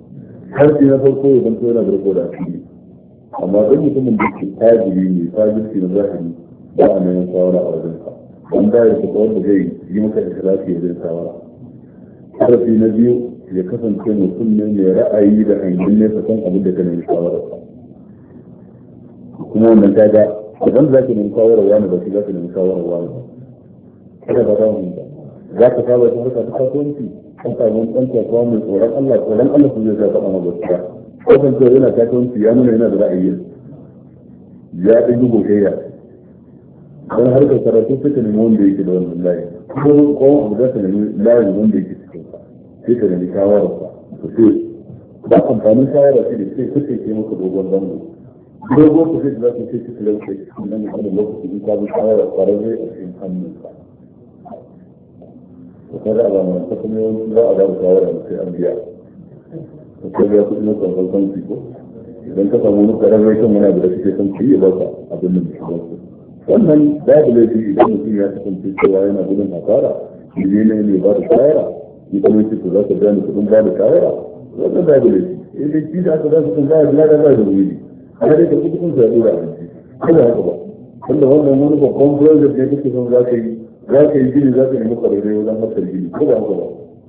A: harfi na farko ya zanto yana zarko da asiri amma don mutumin da ke tajiri ne tajirci na zahiri ba a neman shawara a wajen sa an da ya fita wanda zai yi maka ikirafi wajen shawara harfi na biyu ya kasance mutum ne mai ra'ayi da hangen nesa kan abin da ka nemi shawararsa kuma wannan kaga idan za ki nemi shawararwa ne ba shi za ki nemi shawararwa ne kada ba za mu za ka saba ta harka ta kasuwanci an samu ɗan kasuwa mai tsoron Allah tsoron Allah su zai zai faɗa maka gaskiya kafin cewa yana kasuwanci ya nuna yana da ra'ayi ya ɗan yi gogayya don harkar karatu suka nemi wanda yake da wannan layi kuma kowa abu za ka nemi layin wanda yake cikin sa sai ka nemi shawararsa ku ce ba amfanin shawara shi ne sai kuke ke maka dogon zango dogon ku sai za ku kai su talauce nan da lokaci in ka bi shawara kwararre a cikin hannun ka to kada a zamanin ta kuma yawanci za a ba shawara sai an biya to sai ya kuɗi na consultancy ko idan ka samu wani kwararre kan wani abu da suke son ku yi ba ka abin da mutum ba wannan laifi idan mutum ya kasance cewa yana gudun hasara ne ne ne ba da shawara ni kuma ce to za ka biya kuɗin ba da shawara wannan babu laifi idan eh, ki da aka za su kan ba da wuri ya dai tafi cikin sa dora ko da haka ba wanda wannan wani babban project ne kake son za ka yi za ka yi gini za ka nemi kwararre wajen hakan gini ko da haka ba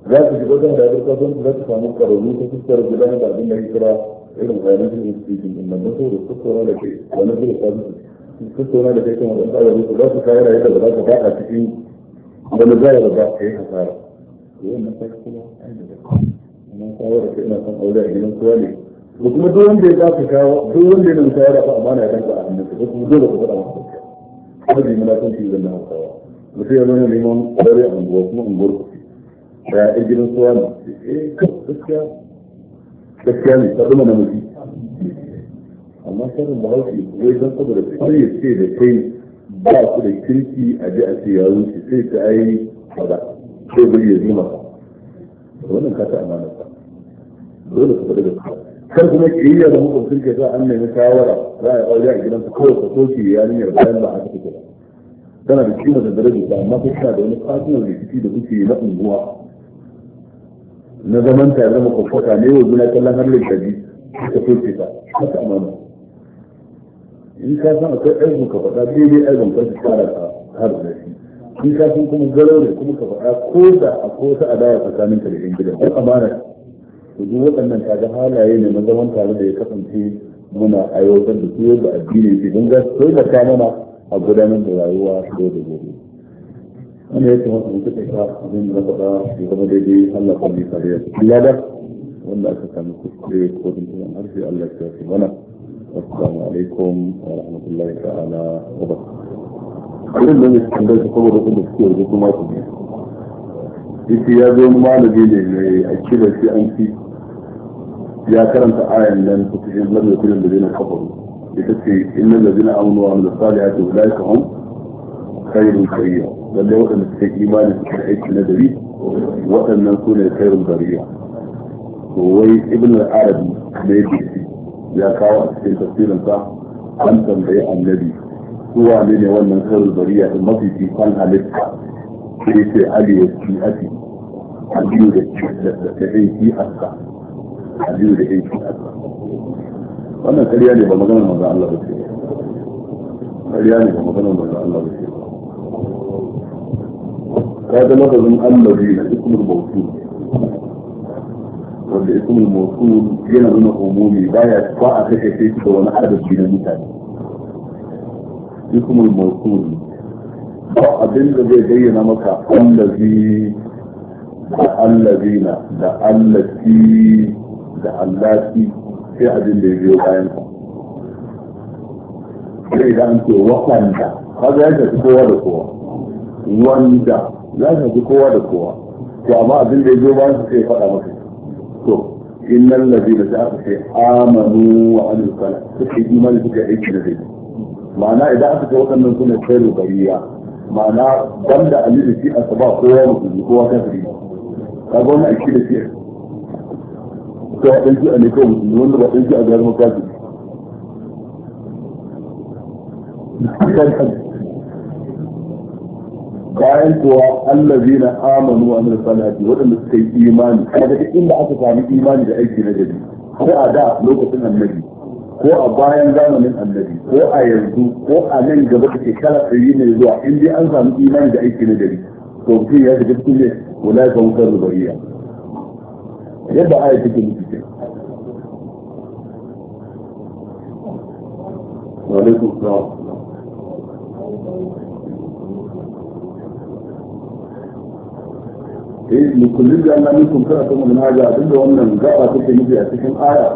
A: za ka shiga wajen da abin kasuwanci za ka samu kwararru ta fuskar gudanar da abin da ya kira irin financial institution din nan saboda tattauna da kai wani zai kasuwanci tattauna da kai kan wajen tsararru za ka kayar yadda ba za ka faɗa cikin wani ba ka yi hasara. Wannan sai kuma ai da kuma kawar da na san aure a gidan kowa ne da kuma duk wanda ya zafi kawo duk wanda ya rubuta da fa amana ya danka a hannunka da kuma dole ka faɗa masa kuma bai mana san shi zan nan kawo mutum ya zama neman dare a unguwa kuma unguwar ku da ya yi gidan suwa ne eh gaskiya gaskiya ne ta zama namiji amma sanin da hauki wai don saboda sai ya ce da kai ba ku da kirki a ji a ce ya wuce sai ta ai kaza sai bai ya zima wannan ka ta amana dole ka faɗa da kawo kar kuma kiyayya da hukuncin ke sa an nemi shawara za a yi aure a gidansa kawai ka soke yarinyar bayan ba haka take ba tana da kima da daraja ta amma kuma da wani kasuwan da ciki da kuke na unguwa na zaman tare da makwabtaka ne yanzu na kallon har lantarki ka soke ta haka amana in ka san akwai aibun ka faɗa daidai aibun ka su fara ka har da shi in ka san kuma garau da kuma ka faɗa ko da akwai wata adawa tsakaninka da yan gidan ko amana to duk waɗannan kaga halaye ne na zaman tare da ya kasance muna aiwatar da su yadda addini ke don ga sai da ta mana a gudanar da rayuwa da da gobe wanda ya kamata mu kuka ta abin da faɗa ya zama daidai Allah kan yi kariya Allah da wanda aka samu kuskure ko dinkin harshe Allah ya tafi mana assalamu alaikum wa rahmatullahi ta'ala wa barakatuh irin da ne cikin da kuma da kuma suke rubutu masu biyu ita ya zo malami ne mai akila sai an fi يا كرمت آية لن تفهم لم يكن الذين كفروا لتكفي إن الذين آمنوا وعملوا الصالحات أولئك هم خير بريا بل لو أن إيمان الحديث الندبي وأن نكون خير بريا هو ابن العربي ميبيسي يا كاوة في تفسير أنت أنت بيع النبي هو من يوم من خير بريا المضي في قنها لك في سعالي السيئة الدين الذي تحيي فيه أسفل a biyu da aiki wannan karya ne ba maganar manzan Allah ba ce karya ne ba maganar manzan Allah ba ce ka ga lafazin Allah ne na ismul mawsul wanda ismul mawsul yana nuna umumi baya ba a kashe sai da wani adadi na mutane ismul mawsul ba abin da zai bayyana maka allazi da allazina da allati da allafi sai abin da ya biyo bayan sa sai idan an ce wakanda kaga ya shafi kowa da kowa wanda ya shafi kowa da kowa to amma abin da ya biyo bayan sa sai ya faɗa maka to innan lafi da aka ce amanu wa amil sala ke yi imani suka aiki da zai ma'ana idan aka ce waɗannan suna kai bariya ma'ana banda alidu shi saba kowa mutum kowa kafiri kaga wannan aiki da shi cewa ɗan shi'a ne kawai musulmi wanda ba ɗan shi'a ga zama kafin bayan kuwa allazi na amanu wa min salati waɗanda suka yi imani kuma daga inda aka sami imani da aiki na gari ko a da lokacin annabi ko a bayan zamanin annabi ko a yanzu ko a nan gaba da shekara ɗari ne zuwa in dai an sami imani da aiki na gari to mutum ya shiga cikin ne wala ka wutar rubariya yadda aya take nufi ce
B: wa alaikum assalam
A: eh mukullin da Allah minkum kana kuma mun haja abinda wannan gaba take nufi a cikin aya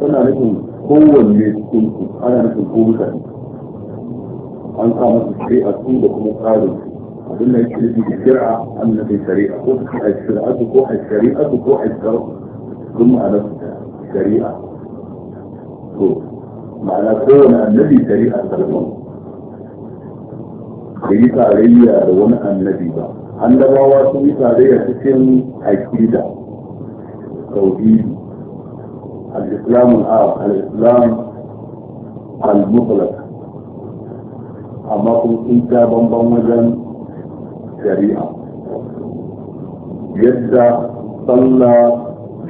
A: tana nufin kowanne cikin ana nufin ko mutane an sa masa sai a su da kuma tsarin abin da ke nufi shari'a annabi shari'a ko shari'atu ko shari'atu ko shari'atu sun ma'anar shari'a to ma'ana kowane annabi shari'a salman da yi tarayya da wani annabi ba annabawa sun yi tarayya cikin akida tauhidi al-islam al-arab al-islam al-mutlaq amma kuma sun ta bamban wajen الشريعة يبدأ صلى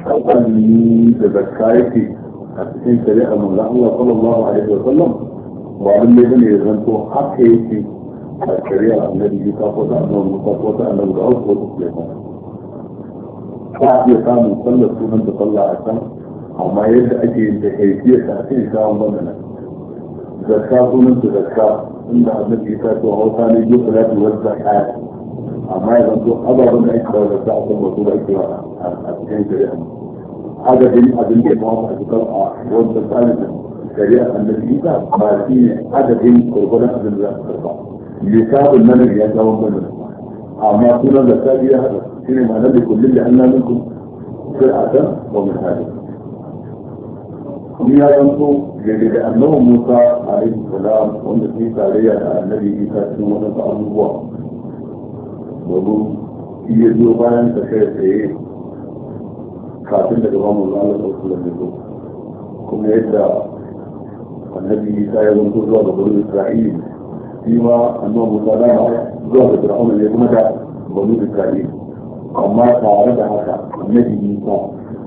A: حقني تذكرتي أتكين شريعة من الله صلى الله عليه وسلم وعلم لبن يزنتو حقيقي الشريعة الذي يتافوت أنه المتافوت أنه الأرض والإسلام بعد يقام صلى السنة تطلع عشان أما يبدأ أجي أنت حيثية تأتي شاء الله منك زكاة سنة زكاة إن النبي صلى الله عليه وسلم لا توزع حاجة amma ya zanto ababen da ake da ta akan wasu da ake a cikin shari'a adadin abin da ya kawo a cikin a wanda tsarin shari'a annabi isa ba shi ne adadin gwargwadon abin da za su karba lissafin nan ya kawo mana amma sunan da ta biya hada shi ne ma'anar da kullum da allah minkum sir'atan wa min hadin ni ya zanto daga da annabi musa alaihi salam wanda sun tarayya da annabi isa cikin wadansu abubuwa وبوم هي دو بان تشه سي خاتم دغه مولا الله صلی الله النبي عيسى يوم كل بنو اسرائيل فيما انه مسلم رب ترحم اللي بنو اسرائيل اما تعرض النبي عيسى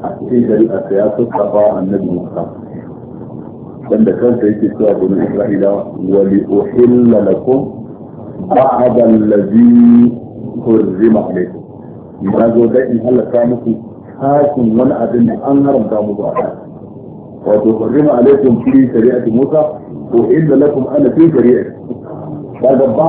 A: اكيد ذلك السياسه النبي موسى عند سيدي سوى بنو اسرائيل ولاحل لكم بعد الذي حرم عليكم ما zo dai in halaka muku hakin wani abin da an haramta muku a kan wato harrima alaikum fi shari'ati Musa wa illa lakum ana fi shari'ati kaga ba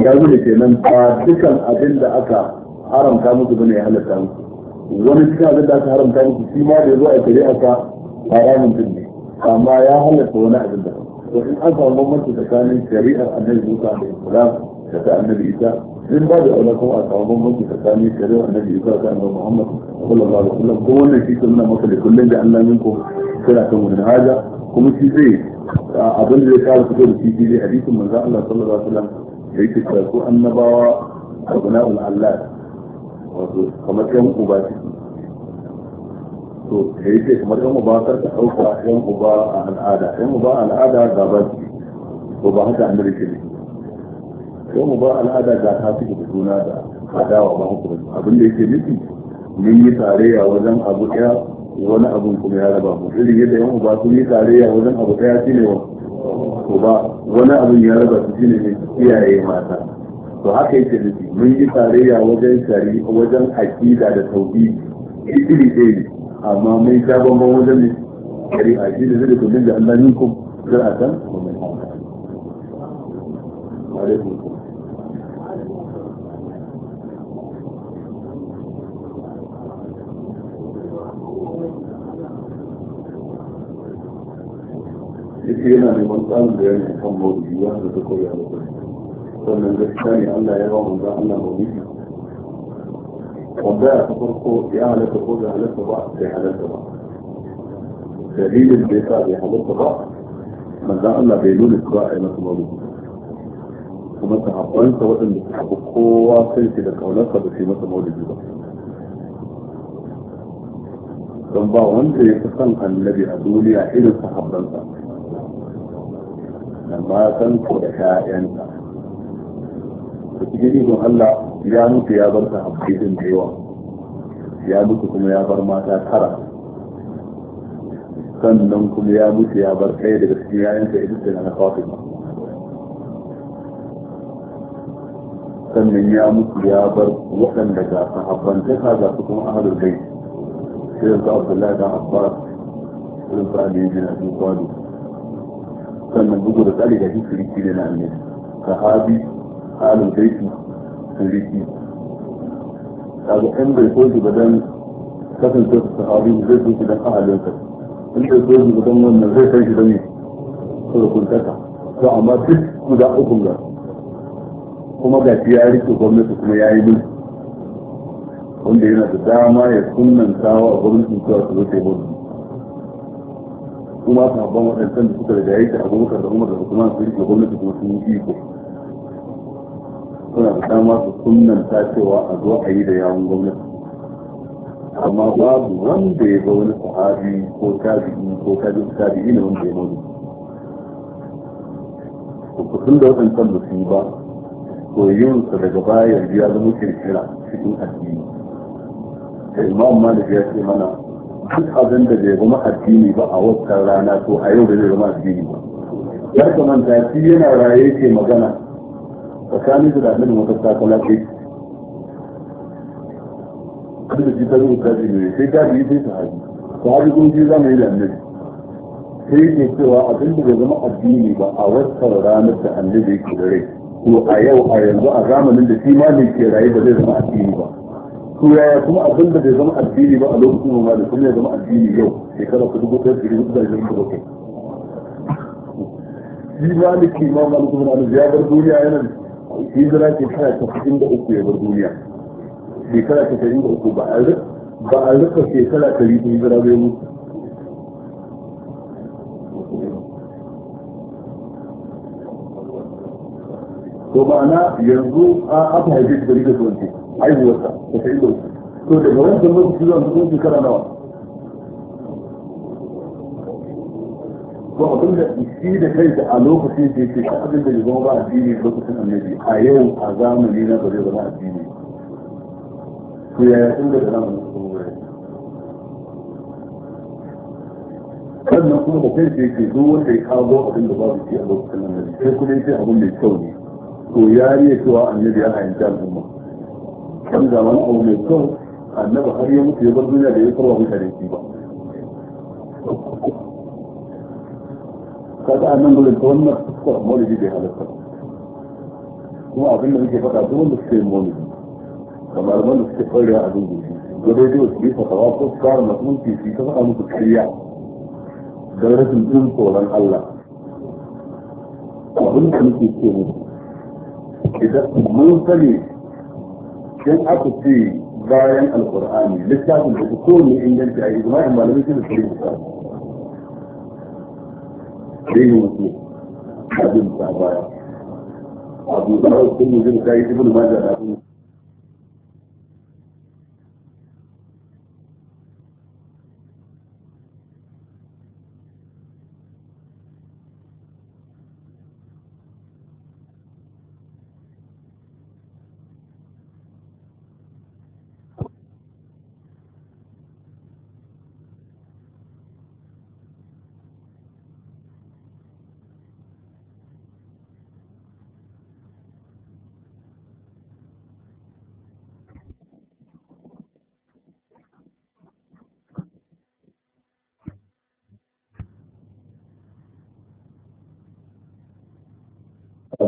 A: ya zuwa kenan ba dukan abin da aka haramta muku bane ya halaka muku wani cikin abin da aka haramta muku shi ma da zo a shari'a ka haramun din ne amma ya halaka wani abin da to in an samu mamanci tsakanin shari'ar annabi Musa alaihi salam ولكن النبي إيسا من بعد أولاكم أصحابهم وانت فتاني كريم النبي إيسا كأنه محمد صلى الله عليه وسلم كون شيء كنا مثل كل منكم سنة من هذا كم شيء أظن ذي قال كتير شيء زي حديث من ذا الله صلى الله عليه وسلم هيك تكو النبا أبناء العلات كما كان أباتي to da yake kamar yan uba kar ka ɗauka yan uba a al'ada sai mu ba al'ada ga ta suke da juna da adawa ba abin da yake nufi mun yi tarayya wajen abu ɗaya wani abun kuma ya raba mu irin yadda yan uba sun yi tarayya wajen abu ɗaya ne wa wani abun ya raba su shine ne iyaye mata to haka yake nufi mun yi tarayya wajen shari wajen aqida da tauhidi iri ɗaya ne amma mun sha bamban wajen ne shari'a shi da zai da kullum da Allah minkum zar'atan wa min hamda alaikum yake yana neman tsarin bayani kan mawuyi wanda ta koya da kuma sannan gaskiya ne Allah ya ba mu da Allah mawuyi wanda ta farko ya halatta ko da halatta ba sai halatta ba dalilin da ya sa bai halatta ba manzan Allah bai nuna su ba a yi masa mawuyi kuma sahabbansa waɗanda suka fi kowa sai shi da kaunarsa ba su yi masa mawuyi ba don ba wanda ya fi son annabi a duniya irin sahabbansa da matanku da ƴaƴanka da cikin ikon Allah ya mutu ya bar ta haƙƙin da yawa ya mutu kuma ya bar mata tara sannan kuma ya mutu ya bar ɗaya daga cikin ƴaƴansa ya mutu na Fatima sannan ya mutu ya bar waɗanda ga sahabbantaka ga su kuma ahalul bai irin su Abdullahi da Abbas irin su Ali bin Abi Talib sannan bugu da tsari da shiriki ne na annabi sahabi halin gaiki shiriki kaga ɗan bai so shi ba kasance su sahabi zai so shi dan ahalin sa in bai so shi ba wannan zai san shi dan da surukuntaka to amma duk guda uku ga kuma ga ya riƙe gwamnati kuma ya yi mulki wanda yana da dama ya sunanta wa gwamnatin cewa su zo ta kuma sahabban waɗancan da suka da yayi da abubakar da umar da usman su yi gwamnati kuma sun yi iko suna da dama su ta cewa a zo a yi da yawon gwamnati amma babu wanda ya ga wani sahabi ko tabi'i ko tabi'i ne wanda ya mazu ku tun da waɗancan ba su yi ba ko yin su daga baya ya zama kirkira cikin addini imam malik ya ce mana duk abin da bai zama addini ba a wakar rana to a yau da zai zama addini ba ya kamanta shi yana raye ke magana tsakanin su da annabi matasta kala ce kada shi ta rubuta shi ne sai ta biyu ta sahabi kun ji zama yi da annabi sai ke cewa abin da bai zama addini ba a wancan ranar da annabi ke da rai Ko a yau a yanzu a zamanin da shi ma ne ke raye ba zai zama addini ba to yaya kuma abin da bai zama addini ba a lokacin noma da kuma ya zama addini yau shekara ku dubu ɗaya ɗari hudu da ashirin da bakwai shi maliki ma maliki bin alif ya bar duniya yana hijira ta tasa'in da uku ya bar duniya shekara tasa'in da uku ba a ba a rika shekara ɗari ta hijira bai mutu to ma'ana yanzu a aka haife shi ɗari da tuwanci haihuwarsa da ta ido to daga wancan lokaci zuwa cikin shekara nawa ko abin da da kai da a lokacin da yake abin da zama ba addini lokacin annabi a yau a zamani na ba a zama to yaya kun da zamanin sannan kuma da kai yake zo wanda ya kawo abin da babu shi a lokacin annabi sai kuma yake abin mai kyau ne to ya riya cewa annabi ya hayanta al'umma canza wani abu mai kyau annabi har ya mutu ya bar duniya da ya karwa mutane shi ba kaga annan gurin ta wannan fuskar maulidi bai halatta kuma abin da muke faɗa duk wanda suke maulidi kamar wanda suke kwarewa a dungu ga rediyo su yi fatawa ko su fara masu shi su ta faɗa musu kariya don rashin jin tsoron Allah abin da muke ce musu idan mun sani كان اكو في بايان القرآن لسات الحكوم من انجل في ايضا ما هم لم يكن الحريب الثاني حريب أبو ظهر كل مجرد سيد ابن ماجه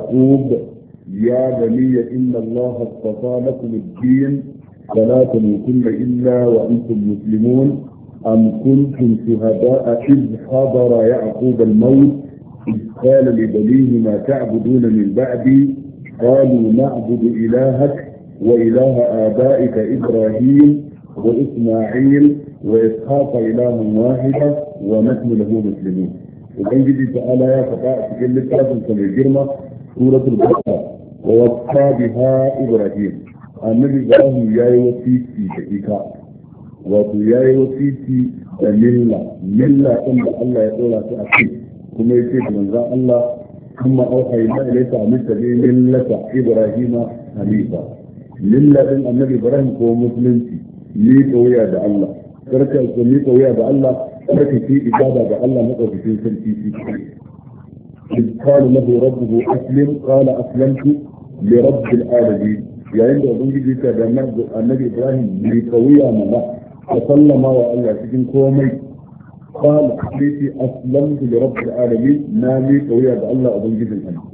A: يعقوب يا بني إن الله اصطفى لكم الدين فلا تموتن إلا وأنتم مسلمون أم كنتم شهداء إذ حضر يعقوب الموت إذ قال لبنيه ما تعبدون من بعدي قالوا نعبد إلهك وإله آبائك إبراهيم وإسماعيل وإسحاق إله واحدة ونحن له مسلمين وبنجد تعالى يا فقاء في كل كتاب من suratul baqara wa wasa biha ibrahim annabi ibrahim yayi wasiki da ita wato yayi wasiki da milla milla din da Allah ya dora ta a kai kuma ce da manzon Allah kuma auhayna ilayka min tabi millata ibrahima hanifa milla din annabi ibrahim ko musulunci ni kauya da Allah karka ko ni kauya da Allah karka ki ibada ga Allah madaukakin sarki shi إذ قال له ربه أسلم قال أسلمت لرب العالمين يعني da ubangiji ta da annabi ibrahim bai kauya mana a sallama wa allah cikin قال حديثي اسلمت لرب العالمين ما لي قوية الله ابنجد الامر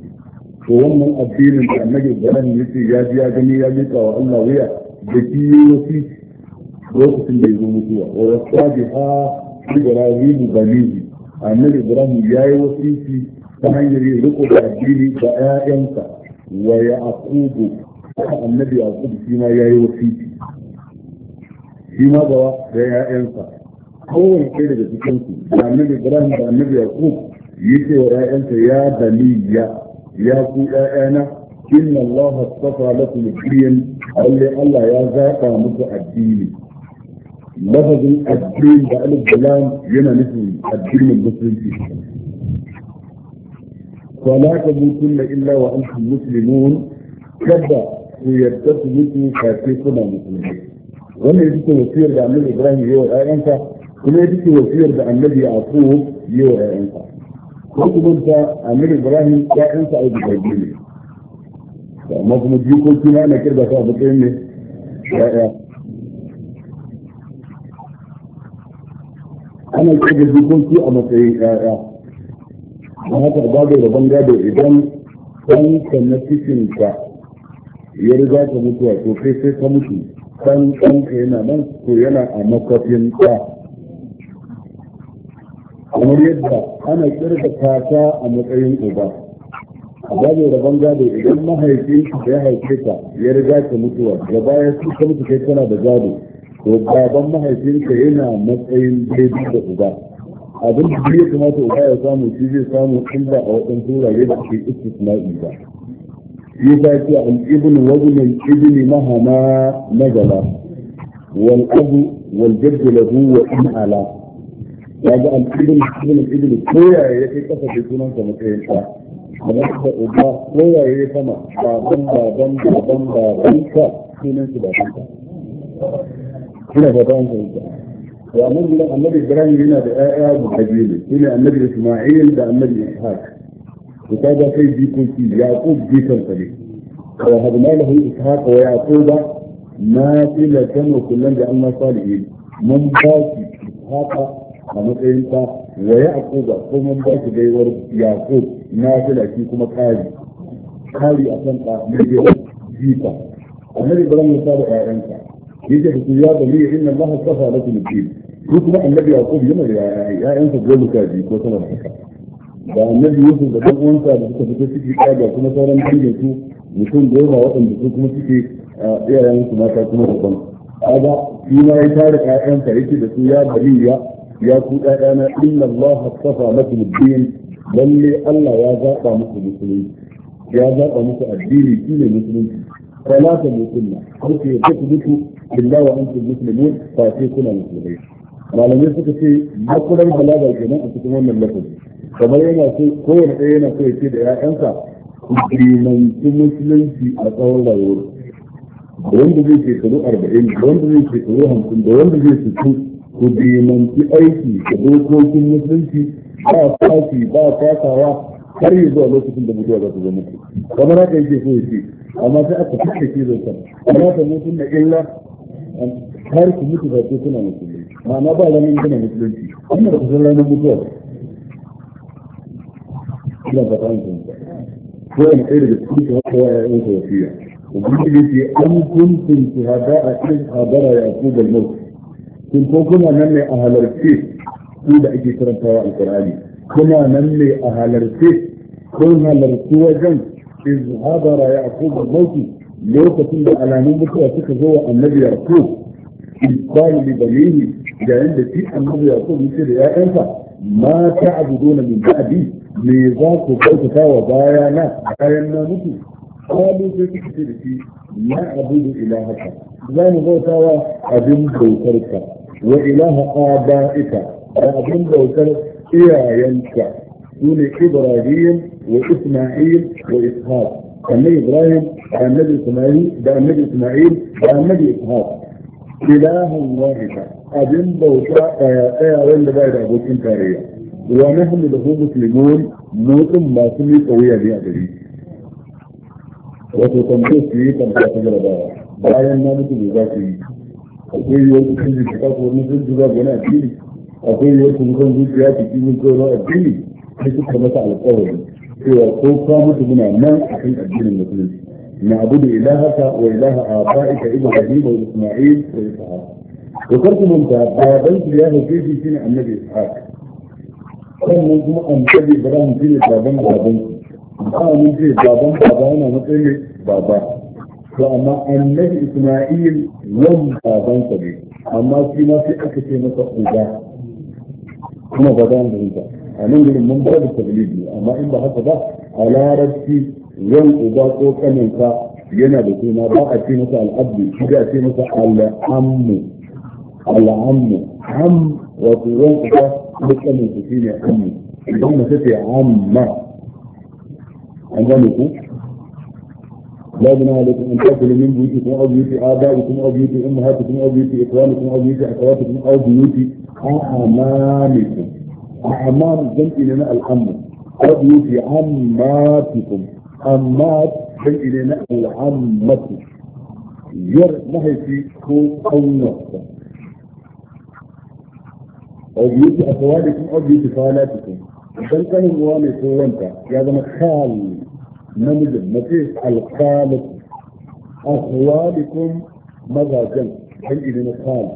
A: ومن الدين اللي النبي الزمان يسي يا جي يا جميع يا جيكا والله ويا بكي وفي وقت اللي يزومتوا ويصطادها ابراهيم بنيه النبي ابراهيم يا وفيتي ta hanyar yin riko da addini da ƴaƴansa wa yaqubu haka annabi yaqub shi ma yayi wasiti shi ma ba da ƴaƴansa kowane ɗaya daga cikin su da annabi ibrahim da annabi yaqub yake wa ƴaƴansa ya baliya ya ku ƴaƴana إن الله اصطفى لكم الدين قال الله يا ذاك مثل الدين لفظ الدين بألف كلام ينا مثل الدين المسلم فيه فلا تموتن الا وانتم مسلمون كذا ويرتبطوا فاتيكم مسلمين وانا يدك وفير بعمل ابراهيم يو انت وانا يدك وفير بعمل يعقوب يو انت كنت قلت عمل ابراهيم يا انت او بتجيني فما كنت يقول كنا انا كربة صابتيني يا يا انا كنت يقول كنا انا كربة صابتيني da haka da rabon gado idan ɗanka na ya riga ka mutuwa to kai sai ka mutu kan ka yana nan to yana a makafin ɗa kamar yadda ana kirga kasa a matsayin uba a da rabon gado idan mahaifin ka ya haife ka ya riga ka mutuwa da baya su ka mutu kai kana da gado to baban mahaifinka yana matsayin daidai da uba abin da ya kamata uba ya samu shi zai samu inda a waɗansu wurare da ake istisna'i ba shi ta ce al-ibn wajnin ibni mahama najala wal abu wal jaddu lahu wa in ala kaga al-ibn ibn ibn koyaye ya kai kasa da sunan sa matsayin sa kamar da uba koyaye ya sama baban baban baban baban ka sunan shi ba kuna fata an fahimta وأمر له نبي إبراهيم هنا بآيات وحجيمة هنا النبي إسماعيل ده النبي إسحاق وكذا في دي كل شيء يعقوب دي سنتين وهذا ما له إسحاق ويعقوب ما إلا كانوا كلهم بأن صالحين من باقي إسحاق ومن ويعقوب ومن باقي غير يعقوب ما إلا كيكم أصلاً كاري أسنطا مجيب جيبا النبي إبراهيم صالح يا أنت يجب أن يقول يا بني إن الله اصطفى لكم الدين su kuma annabi yaqub yana da ya'yansa goma sha biyu ko sama da haka da annabi yusuf da dan uwansa da suka fito ciki ɗaya da kuma sauran dangin su mutum goma waɗanda su kuma suke iyayen su mata kuma daban kaga shi ma ya tare ƴaƴansa yake da su ya baliya ya ku ƴaƴana inna allaha astafa lakum ad-din lalle Allah ya zaɓa muku musulunci ya zaɓa muku addini shi ne musulunci fala ta musulma kuke yadda ku mutu billahi wa antum muslimun fa sai kuna musulmai malamai suka ce makurar balaga kenan a cikin wannan lafazi kamar yana so kowane ɗaya yana so ya ce da 'ya'yansa ku kimanci musulunci a tsawon rayuwar da wanda zai ce shekaru arba'in da wanda zai ce shekaru hamsin da wanda zai ce ku dimanci aiki da dokokin musulunci ba fashi ba kasawa har yi zuwa lokacin da mutuwa za ta zama ku kamar haka yake so ya ce amma sai aka da ke zai sa amma ta mutum na illa har ku mutu ba ce suna mutum ma'ana ba ranar gina musulunci amma da kusan ranar mutuwa ina ba ta hankali ko yana ɗaya daga cikin su haka wa yayin sa wasiya ubangiji ce an kuntum shuhada a cikin hadara ya ku da mutu kun ko kuma nan ne a halarce ku da ake karantawa alqur'ani kuma nan ne a halarce kun halarci wajen iz hadara ya ku da mutu lokacin da alamun mutuwa suka zo wa annabi ya ku ibqal li banihi yayin da shi annabi yaqub yace da ya'yansa ma ta'buduna min ba'di me za ku bauta wa bayana bayan na mutu qalu sai suka ce da shi la abudu ilahaka za mu bauta wa abin bautarka wa ilaha aba'ika da abin bautar iyayenka sune ibrahim wa isma'il wa ishaq annabi ibrahim da annabi isma'il da annabi isma'il da annabi ishaq ilahun wahida abin bauta ɗaya ɗaya wanda ba da abokin tarayya wa nahnu lahu muslimun mu din masu miƙa wuya ne a gari wato tambaye su yi tambaya ta jarabawa bayan na mutu da za su yi akwai yi wasu canji shiga ko wani sun ji a addini akwai yi wasu mutan zuciya ku ki min a addini sai kuka masa alkawari cewa ko ka mutu muna nan a kan addinin musulunci نعبد إلهك وإله آبائك إبراهيم وإسماعيل وإسحاق ذكرت ممتاز بابن سليمان في في سنة النبي إسحاق كان من ثم النبي إبراهيم في بابن بابن كان من في بابن بابن أنا في بابا فأما النبي إسماعيل لم بابن سبي أما في ما في أكثر من سبعة ثم بابن بابن أنا من من بابن سبي أما إن بحثت على ربي yan uba ko kaninka yana da suna ba a ce masa al'abdu shi da ce masa al'ammu al'ammu am wa yan uba ko kaninka shi ne ammu idan mace ce amma an gane ku لا بناء عليكم ان تاكلوا من بيوتكم او بيوت ابائكم او بيوت امهاتكم او بيوت اخوانكم او بيوت اخواتكم او بيوت اعمامكم اعمام جمع لنا الامر او بيوت عماتكم amma dan ile na al'ammatu yar mahaifi ko kanwarsa obiyuti a tawalikin obiyuti falatikun dan kanin uwa mai kowanta ya zama khal namijin mace A alkhalatu akhwalikum mazajen dan ile na khal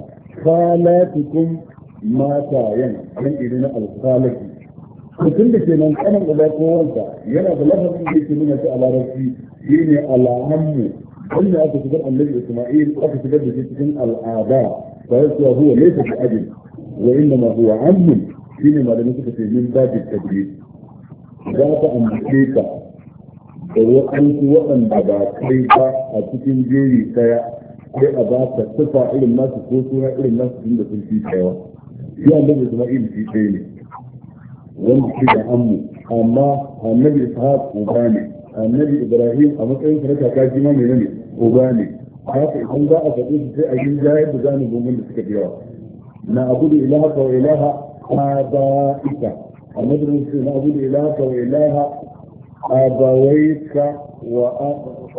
A: falatikum matayen dan ile na alkhalatu mutum da ke nan kanan uba ko wanda yana da lafazin da yake nuna shi a larabci shine alhammu wanda aka shigar annabi isma'il aka shigar da shi cikin al'ada ba ya cewa huwa laysa bi ajin wa innama huwa ammun shine malamin suka ce min babin tabri za ka ambace ka da waɗansu waɗanda ba kai ba a cikin jeri ɗaya sai a ba ka tufa irin nasu ko suna irin nasu tun da sun fi tsayawa shi annabi isma'il shi ɗaya ne wanda shi da ammu amma annabi ishaq uba ne annabi ibrahim a matsayin sa kaka shi ma menene uba ne haka idan za a faɗi su sai a yi jayar da zanen gungun da suka biya na abudu ilaha ka wa ilaha abaika annabi ne sai na abudu ilaha ka wa ilaha abawaika wa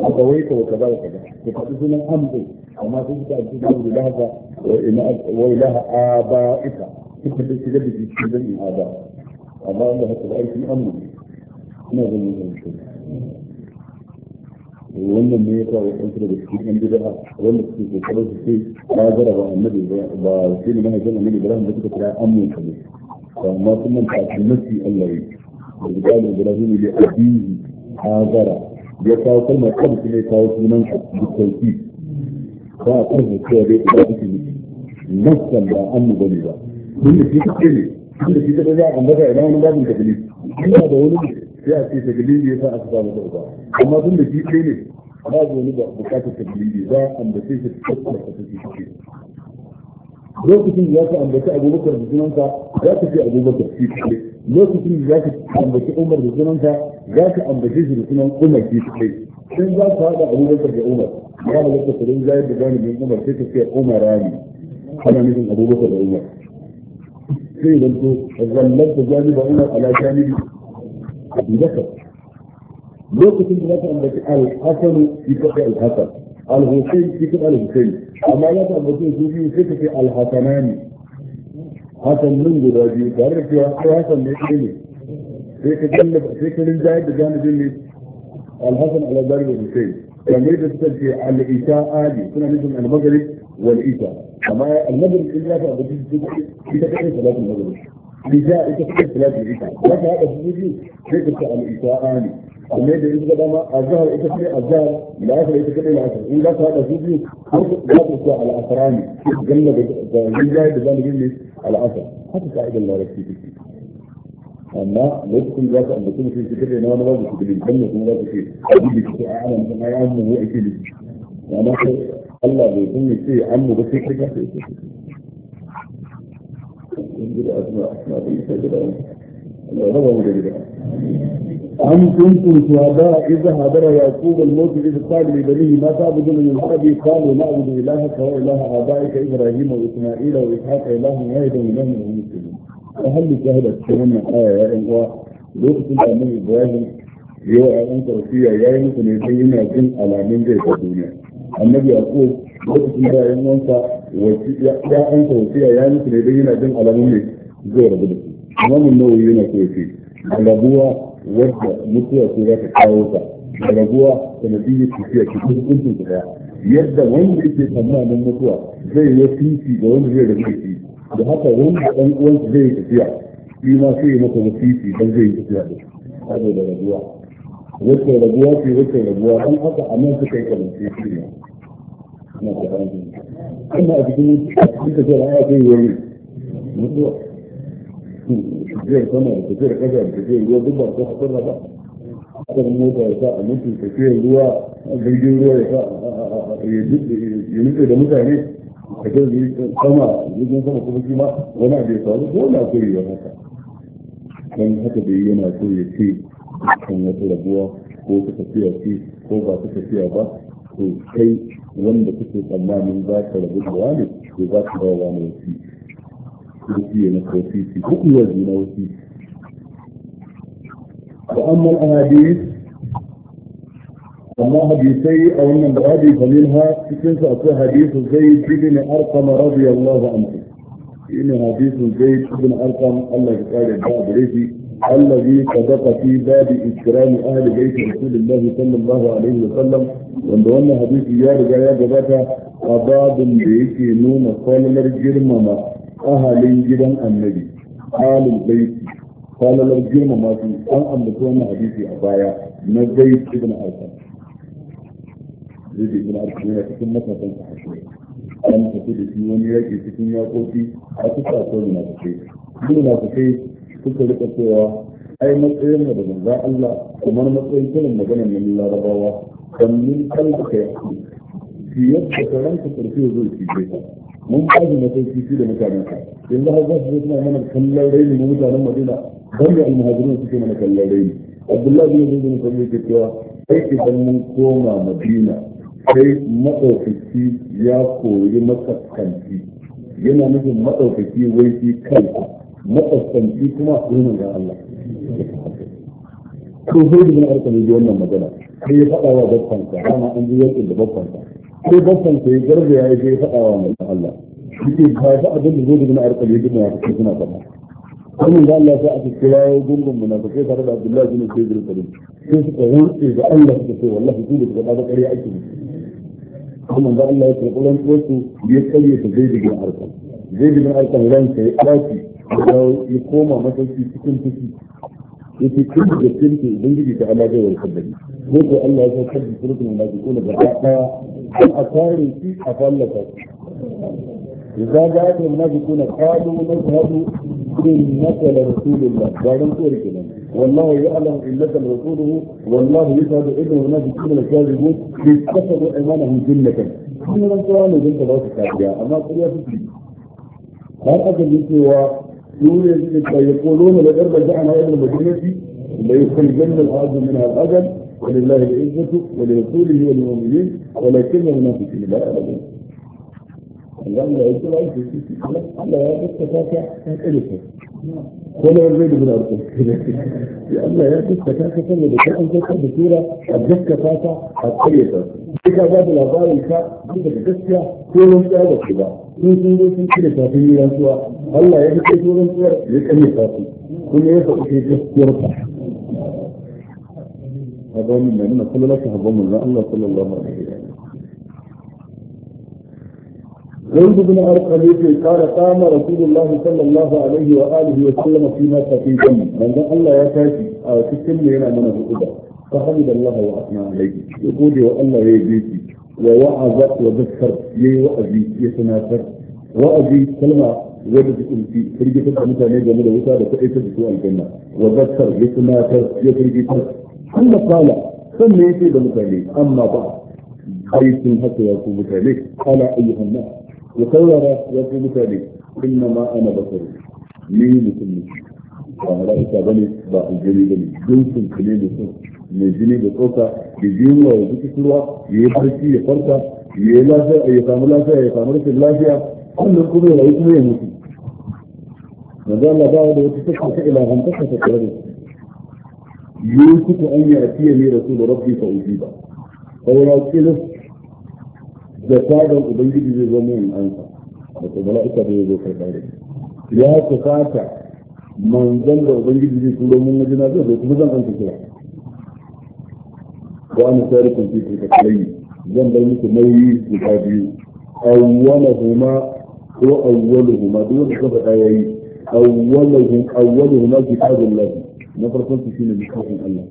A: abawaika wa kaza wa kaza ka faɗi sunan amdu amma sun suka abu da abudu ilaha ka wa ilaha abaika suka da shi da biki shi zan yi abaika على أنها تبقى في أمر ما ظن أي شيء وأن من يقرأ ويأثر بالسيء أن بدأ وأن السيء وقرأ السيء ما جرى النبي وفي ما جنة النبي براهم بكتب لها أمر كبير فما ثم انت المسي الله وقال إبراهيم لأبيه آذر يقال كلمة قبل يتاو في منحة بالتوكيد فأقرب السيء بإبراهيم نفسا لا أمر بني كل شيء تقلي inda shi kadai za a ambata idan wani babin taglidi ina da wani sai a ce taglidi ya sa aka samu da uba amma tun da shi ɗaya ne babu wani ba bukatar taglidi za a ambace shi ta a ta shi shi lokacin da za ka ambaci abubakar da sunanka za ka ce abubakar shi kadai lokacin da za ka ambaci umar da sunanka za ka ambace shi da sunan umar shi kadai sun za ka haɗa abubakar da umar ya halatta kudin zayar da gani bin umar sai ka ce umar rami ana nufin abubakar da umar كيف انت غلبت جانب عمر على جانب ابي بكر لوقت انت عندك الحسن يكتب الحسن الحسين يكتب الحسين اما لا تعبد الحسين يكتب الحسنان حسن من جراجي تعرف في حسن من جراجي فيك تنزعي بجانب اللي الحسن على جانب الحسين كان يعني يجب تسجل على الإيتاء آلي كنا نجم المغرب والإيتاء أما المغرب إلا في عبد الجزء إذا كانت ثلاثة المغرب إذا إذا كانت ثلاثة المغرب لكن هذا في جزء يجب أن يتعاني النبي يجب أن أظهر إذا كان أظهر لا أظهر إذا كان أظهر إذا كان هذا في جزء لا تبقى على أثران جنة جنة بذل جنة على أثر حتى تعيد الله رب في جزء أما ليس كل ذلك أن يكون في جزء إنما نبغى في جزء جنة ونبغى في جزء أعلم أنه هو إجلس يعني الله بيقولني فيه عمه بس يكرجع في أم كنتم شهداء إذا حضر يعقوب الموت إذ قال لبنيه ما تعبدون من ربي قال ونعبد إله سواء إله آبائك إبراهيم وإسماعيل وإسحاق إله واحد إله من المسلمين فهل لشهد السنة آية يا إخوة لوقت الأمين إبراهيم يوعى أنت وفيها يا إخوة يبين جن على من ذي الدنيا annabi yaqub lokacin da yayin wansa wasi ya ansa wasiya ya nufi ne dan yana jin alamun ne zai rabu da su imamun nawawi yana ko yace rabuwa wadda mutuwa ko za ta kawo ta rabuwa ta tafiya ke kuma kuntun ku daya yadda wanda yake tsammanin mutuwa zai yi wasisi da wanda zai rabu da shi da haka wanda dan uwansa zai yi tafiya shi ma sai maka wasisi dan zai yi tafiya da saboda rabuwa wacce rabuwa ce wacce rabuwa dan haka a nan suka yi kalanci shi ne na ina a cikin duka ce ya ce yayi mutuwa tafiyar sama da tafiyar kasa da tafiyar ruwa duk ba ta ba hatsar mota ya sa a mutu tafiyar ruwa jirgin ruwa ya sa ya da mutane tafiyar sama jirgin sama kuma shi ma wani abu ya faru ko na kuri ya haka don haka da yana so ya ce kan wata rabuwa ko ta tafiya ce ko ba ta tafiya ba to kai wanda kuke tsammanin za ka rabu da wani ko za ka ba wani wasi kurfi ya masa wasisi ko iya zina wasisi wa amma al'adis amma hadisai a wannan da adi kamil ha cikin sa akwai hadisu zai ibn arqam radiyallahu anhu shine hadisu zai ibn arqam Allah ya kare da gare shi الذي صدق في باب اكرام اهل بيت رسول الله صلى الله عليه وسلم وان دون حديث يا رجا يا جبتا قباب بيت نون قال لرجرم ما اهل جدا النبي اهل البيت قال لرجرم ما في ان امتون حديث يا بايا نجيت ابن ارسل ابن ارسل هنا تكون مكة في شوية أنا تقول في في في في في في في في في في في في وني رجل تكون في قوتي أتفع كل في تكون suka rika cewa ai matsayin mu da manzo Allah kamar matsayin magana ne na rabawa kamin kalma kai shi yadda karanta karfi zo shi kai mun ba shi matsayin shi da mutanen ka yanzu har za su zo suna mana kallon raini mu mutanen Madina dan da almuhajirin suke mana kallon raini Abdullah bin Zaid bin Sabri ke cewa sai idan mun koma Madina sai maɗaukaki ya koyi makaskanci yana nufin maɗaukaki wai shi kansa maƙasƙanci kuma su yi manzan Allah ko zai da arka ne wannan magana sai ya faɗa wa babbansa dama an ji yankin da babbansa sai babbansa ya garba ya yi sai ya faɗa wa manzan Allah yake ba ta abin da zai da arka ne duk masu suna faɗa kuma da Allah sai aka kira gungun munafikai tare da Abdullahi bin Sayyid al-Qadim sai suka rantse da Allah suka ce wallahi su da suka ba ƙarya ake kuma da Allah ya karɓi rantsuwarsu ya karye ta zai da arka zai da arka ransa ya ɗauki ya koma masauki cikin ciki yake kun da cinta ubangiji ta ala zai warkar da ni ko ko Allah ya saukar da surutun da ke kula da ɗaya an a kare shi a fallaka shi idza ja'at al-munafiquna qalu nashhadu innaka la rasulullah garin ko rike nan والله يعلم إنك رسوله والله يشهد إن المنافقين لكاذبون اتخذوا إيمانهم جنة. كل من سؤال جنة لا تستطيع أما قل يا فكري. هل أجل يسوى يقولون لئن رجعنا الى المدينه ليخرجن الأرض منها الاجل ولله العزه ولرسوله وللمؤمنين ولكن المنافقين لا يعلمون wanda ya kira Allah ya duka ta ta tsare ta ko dubu da ku ya Allah ya ta an gaskata da tura a duka ta a tsare ta sai ka ba da labarin ka duka da gaskiya ko ne ya ga ku ba sun sun zo sun kira rantuwa Allah ya duka to ya kare tafi. kuma ya faɗi gaskiyar ta هذا من من كل ta هذا من Allah sallallahu alaihi wa sallam زيد بن أرقم يقول قال قام رسول الله صلى الله عليه وآله وسلم فيما سقيتم من ذا الله يكاتي أو آه، تكلم لنا من الأولى فحمد الله وأثنى عليه يقول يا يجيتي ووعظ وذكر يي وأبي يتنافر وأبي كلمة وجدت في فرجة المتانية جميلة وتعالى فأيسة سوء الجنة وذكر يتنافر يترجتر ثم قال ثم يتيد أما بعد حيث حتى يكون متانية قال أيها الناس ya saurara ya ce mutane inna ma ana basar ni mutum ne ba mala'ika bane ba aljani bane jinsin ka ne mutum mai jini da tsoka da jiwa ya zuci turwa ya yi barci ya farka ya yi lafiya ya samu lafiya ya samu rashin lafiya wannan kuma ya rayu kuma ya mutu manzo Allah ba da wata take ta ilahantaka ta tare da yusufu an yi atiya ne rasul rabbi fa ujiba saura kilis da tarin ubangiji zai zo mun ansa wato mala'ika da zo karɓa da ya ku fata manzon da ubangiji zai turo mun na zai zo kuma zan ansa kira ko an tsari kun fi ka kai zan bar muku nauyi guda biyu awwalahuma ko awwaluhuma duk wanda kafa da yayi awwalahum awwaluhuma kitabullah na farkon su shine littafin Allah.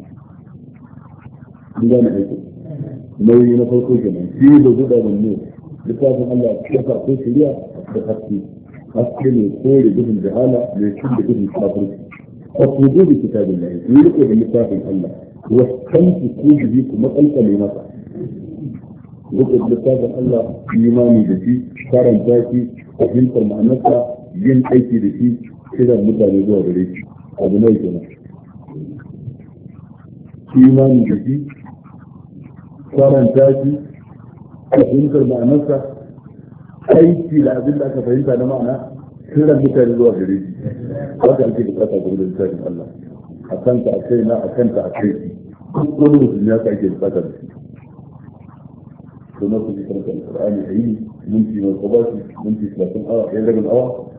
A: Ina na aiki. nauyi na farko nan shi da zuɗa da mu littafin Allah ya sa ko shari'a da haske haske ne kore duhun jahala ne cin da duhun kafirci fasudu da kitabillah ku rike da littafin Allah wa kanku ku bi ku matsalkale masa rike da littafin Allah imani da shi karanta shi fahimtar ma'anarsa yin aiki da shi kiran mutane zuwa gare shi abu ne kenan imani da shi karanta shi a fahimtar ma'anarsa aiki da abin da aka fahimta na ma'ana kiran mutane zuwa gare shi haka ake bukata gurbin tsarin Allah a kanta a kai na a kanta a kai shi duk wani mutum ya ka ake bukata da shi kuma su cikin alƙur'ani a yi minti mai kwabashi minti talatin awa ɗaya rabin awa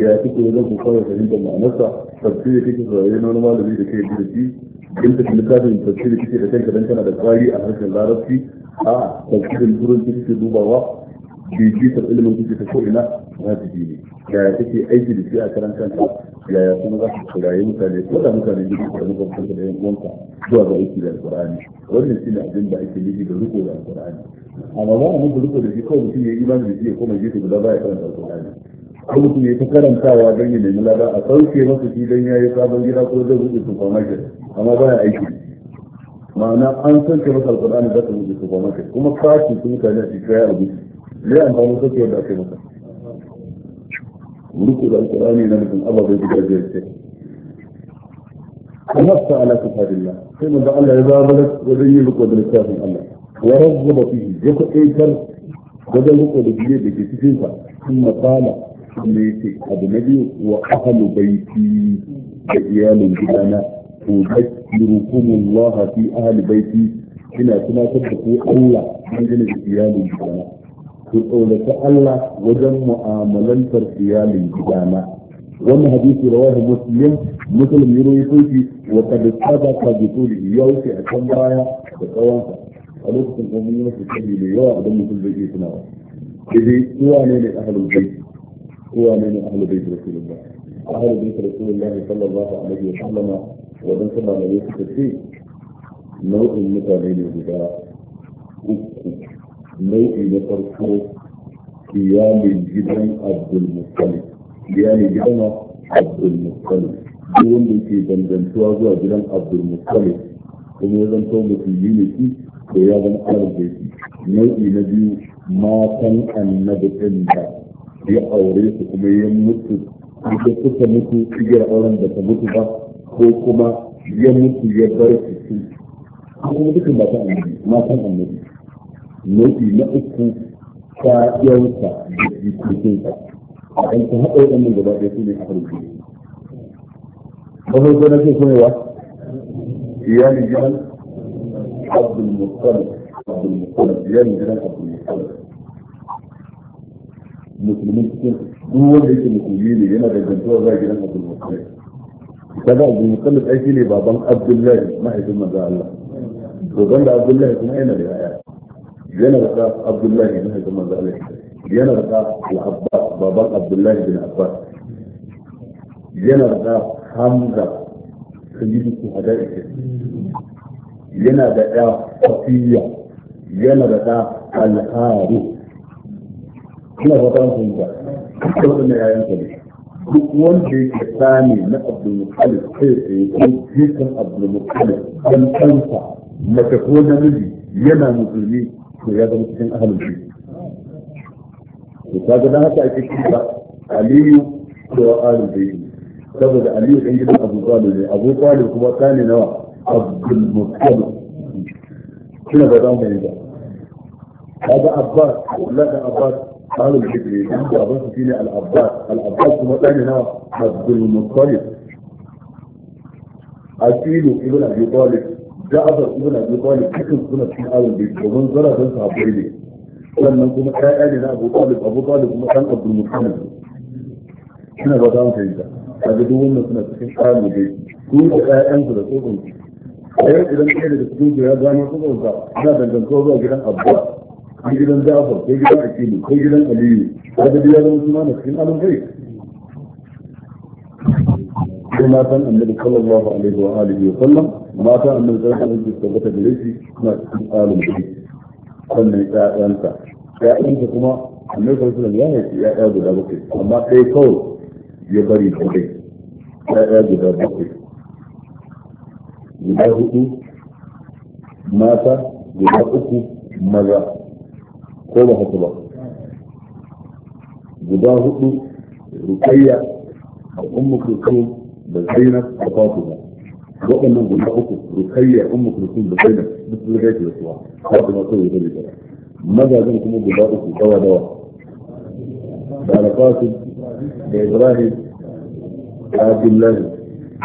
A: ya fi kuma zan ku kawai fahimtar ma'anarsa tafsiri kake saurare na wani malami da kai da shi in ta littafin tafsiri kike da kanka dan kana da tsari a harshen larabci a tafsirin turanci kike dubawa bibitar ilimin kike ta ko'ina wajibi ne yaya kake aiki da shi a karan kanka yaya kuma za ka kirayi mutane ko da mutane da suka muka kanka da yan uwanka zuwa ga aiki da alqur'ani wannan shi ne abin da ake nufi da riko da alqur'ani amma ba mu riko da shi kawai mutum ya yi imani da shi ya koma gefe guda baya karanta alqur'ani rubutu ne ta karantawa don yi nemi lada a sauke masa shi don ya yi sabon gida ko zai rubuta supermarket amma ba ya aiki ma'ana an sauke masa alkur'ani za ta rubuta supermarket kuma kashi sun kaji a cikin ya rubuta ne an samu sauke wanda ake yi masa rubuta da alkur'ani na nufin ababai da gajiyar ce kuma sa ala ta fadilla sai mun da Allah ya zama da wajen yin rubuta da littafin Allah wa rabbu bihi ya kuɗaitar wajen rubuta da gajiyar da cikin ka. sun matsala sannan yake abu na biyu wa ahlu baiti da iyalin gidana to zakkirukumullah fi ahli baiti ina tunatar da ku Allah dangane da iyalin gidana ku tsorata Allah wajen mu'amalantar iyalin gidana wannan hadisi rawahu muslim muslim ya rawaito shi wa qad sabaqa bi tulihi ya wuce a can baya da tsawonsa a lokacin da mun yi wasu kabi da yawa idan mutum zai iya tunawa sai dai uwa ne ne ahlul bait هو من أهل بيت رسول الله أهل بيت رسول الله صلى الله عليه وسلم ومن ثم لم يكتفي نوع المتابعين الهدى نوع يتركه قيام الجبن عبد المطلب قيام الجبن عبد المطلب دون في بندن زوا جبن عبد المطلب kuma ya zanto musulmi ne shi da ya zama alar da shi nau'i na biyu matan annabi ɗin da ya aure su kuma ya mutu ko suka mutu igiyar auren da ta mutu ba ko kuma ya mutu ya bar su su kuma dukkan ba ta annabi matan annabi nau'i na uku ta yanka da jikokinsa a ɗan ta haɗa waɗannan gaba ɗaya su ne a farko ba farko na ce sonewa iyalin gidan abdul mutalib abdul mutalib iyali gidan abdul mutalib musulmin cikin duk wanda yake musulmi ne yana dangantuwa za gidan abdul muttalib kaga abdul muttalib ai shine baban abdullahi mahaifin manzo Allah to dan da abdullahi kuma yana da yaya yana da ka abdullahi mahaifin manzo Allah yana da ka al-abbas baban abdullahi bin abbas yana da hamza sayyidu shuhada ita yana da ya safiya yana da da al-harith ina fata an kun ba da waɗannan yayan ka ne duk wanda yake tsani na abdulmutalib kai tsaye ko jikin abdulmutalib dan kansa mace ko namiji yana musulmi to ya zama cikin ahalin shi to kaga dan haka ake cewa aliyu ko ahalin bayyi saboda aliyu ɗan gidan abu talib ne abu talib kuma tsani nawa abdulmutalib kina ba zan mu yi ba kaga abbas abdullahi abbas قالوا بحجر انت عبرت فيني العباس العباس هو ثاني نوع عبد المطلب أكيد ابن أبي طالب جعفر ابن أبي طالب حكم سنة في آل البيت ومن زرع فانت عبريلي لما نقول كائن هنا أبو طالب أبو طالب هو كان عبد المطلب هنا بدأنا في إنسان هو سنة في آل البيت كل كائن سنة في آل البيت أيضا إذا كنت أجد السجود يا جانا سنة في آل البيت هذا كان كوبا جدا أبوات kai gidan Ja'far kai gidan Akilu kai gidan Aliyu kaga dai ya zama suna na cikin alun kai sai matan annabi sallallahu alaihi wa alihi wa sallam matan annabi sallallahu alaihi wa sallam tabbata da shi suna cikin alun kai sannan ƴaƴanta ƴaƴanta kuma annabi sallallahu alaihi wa sallam ya yi ƴaƴa guda bakwai amma ɗaya kawai ya bari kadai ƴaƴa guda bakwai guda hudu mata guda uku maza ko ba haka ba guda hudu rukayya a ummu kulkum da zainab da fatima waɗannan guda uku rukayya ummu kulkum da zainab duk sun gaji da suwa fatima kawai zai da mazajen kuma guda uku dawa dawa
B: da alfasin da
A: ibrahim da abdullahi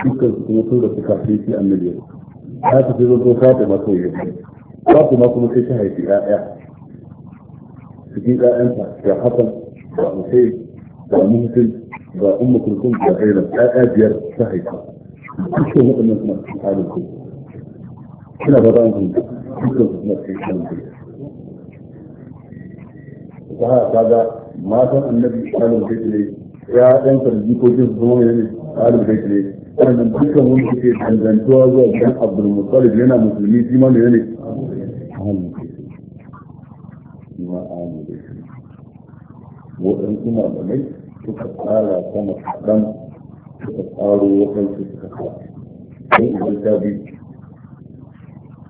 A: dukkan su kuma sun da suka fi fi annabi ta fi zo fatima kawai fatima kuma sai ta haifi 'ya'ya تجيب بقى انت يا حسن يا حسين يا مهتم يا ام كلكم يا غيره يا صحيح مش هو انك ما تتعامل كله هنا بقى انت كله تتمثل في الشمس فهذا ما كان النبي قال البيت لي يا انت اللي كنت زمان يعني قال البيت لي انا من كل ممكن ان عبد المطلب هنا مسلمين في مال يعني waɗansu malamai suka tsara sama kaɗan suka tsaro waɗansu suka sa sai idan ta bi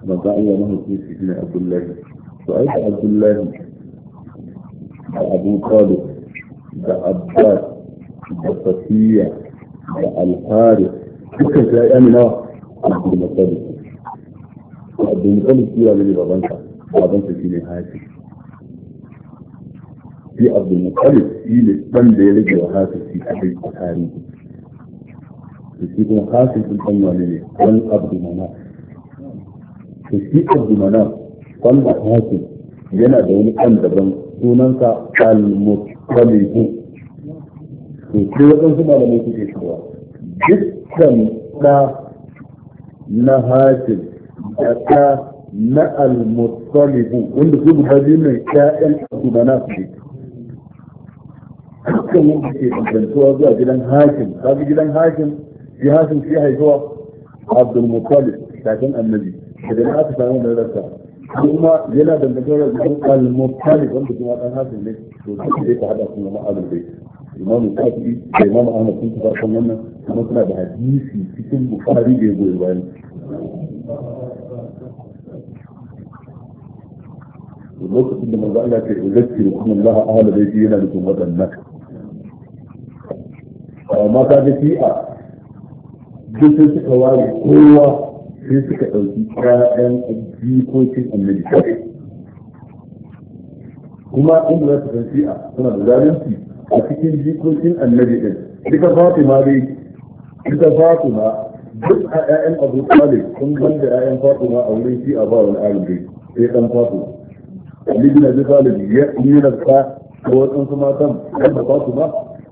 A: maza Allah mahaifi su ne Abdullahi to ai da Abdullahi da Abu Talib da Abbas da Safiya da Al-Harith suka ja yamina Abdul Muttalib Abdul Muttalib shi ne babansa babansa shi ne Hafiz shi abdul mutalib shi ne da ya rage wa hafiz shi kadai a shi kuma hafiz sun ɗan wani ne ɗan abdul mana to shi abdul manaf ɗan da yana da wani ɗan daban sunansa al-mutalibu to sai waɗansu malamai suke cewa dukkan ɗa na hafiz da ta na al-mutalibu wanda su guda biyu ne ƴaƴan abdul manaf ne dukkan wanda ke kasantuwa zuwa gidan hakim hashim ga gidan hakim shi hakim shi haifuwa abdul mutalib kafin annabi da na aka samu da rasa kuma yana da magana da al mutalib wanda kuma dan hakim ne to sai ka hada kuma ma'alul bayt imam shafi'i da imam ahmad sun tafi san wannan kuma suna da hadisi cikin bukhari da ya goyi bayan lokacin da manzo Allah ke uzakkir kuma Allah ahla baiti yana da kuma wadannan amma ka ga shi'a duk sun suka waye kowa sai suka ɗauki ƴaƴan jikokin annabi kuma inda za su san shi'a suna da zalunci a cikin jikokin annabi ɗin duka ma dai duka ma duk a ƴaƴan abu talib sun ban da ƴaƴan ma a wurin shi'a ba wani alibi sai ɗan fatima Ali bin Abi Talib ya yi nasa ko wasu matan ɗan da ma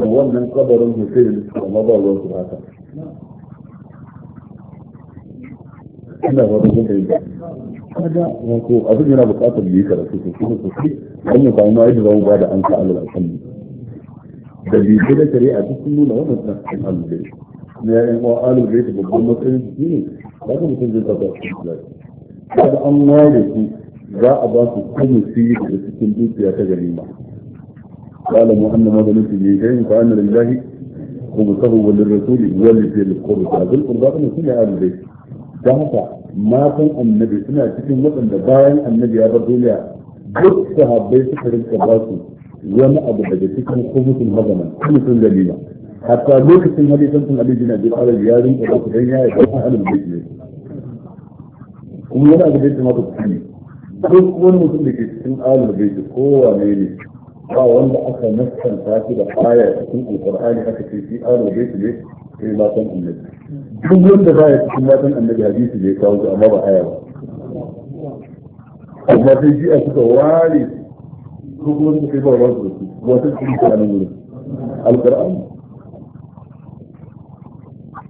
A: هو من قدر المسير رمضان الله سبحانه إنه هذا وكو أظن هنا بقاطة بيك رسول الله أنا وتعالى أن يقعنا إذا هو بعد أن سأل الأسلم دليل كده شريعة تسمونا ومتنا من أهل البيت يعني هو أهل البيت بقول لكن مسلمين تقول لك هذا أمر قال مهنا ما ظننت به شيئا فان لله خبثه وللرسول ولذي القربى هذه القربى من كل اهل البيت جهه ما كان النبي سنا تكن وطن دا باين النبي يا بر دنيا دوك صحابي سكر الكباسي وما ابو بدر تكن خبث هضما خبث ذليلا حتى لوك في الحديث انتم ابي جنا دي قال الجارين ابو الدنيا يا اهل البيت ومن هنا ابو بدر ما تكفي دوك وين مسلم كيس من اهل البيت قوه ليلي ba wanda aka nassanta shi da aya a cikin alqur'ani aka ce shi aro bai su ne sai matan annabi duk wanda za ya cikin matan annabi hadisi ne kawo su amma ba aya ba amma sai shi a suka ware ko kuma suka kai ba ba su da su wata cikin alqur'ani ne alqur'ani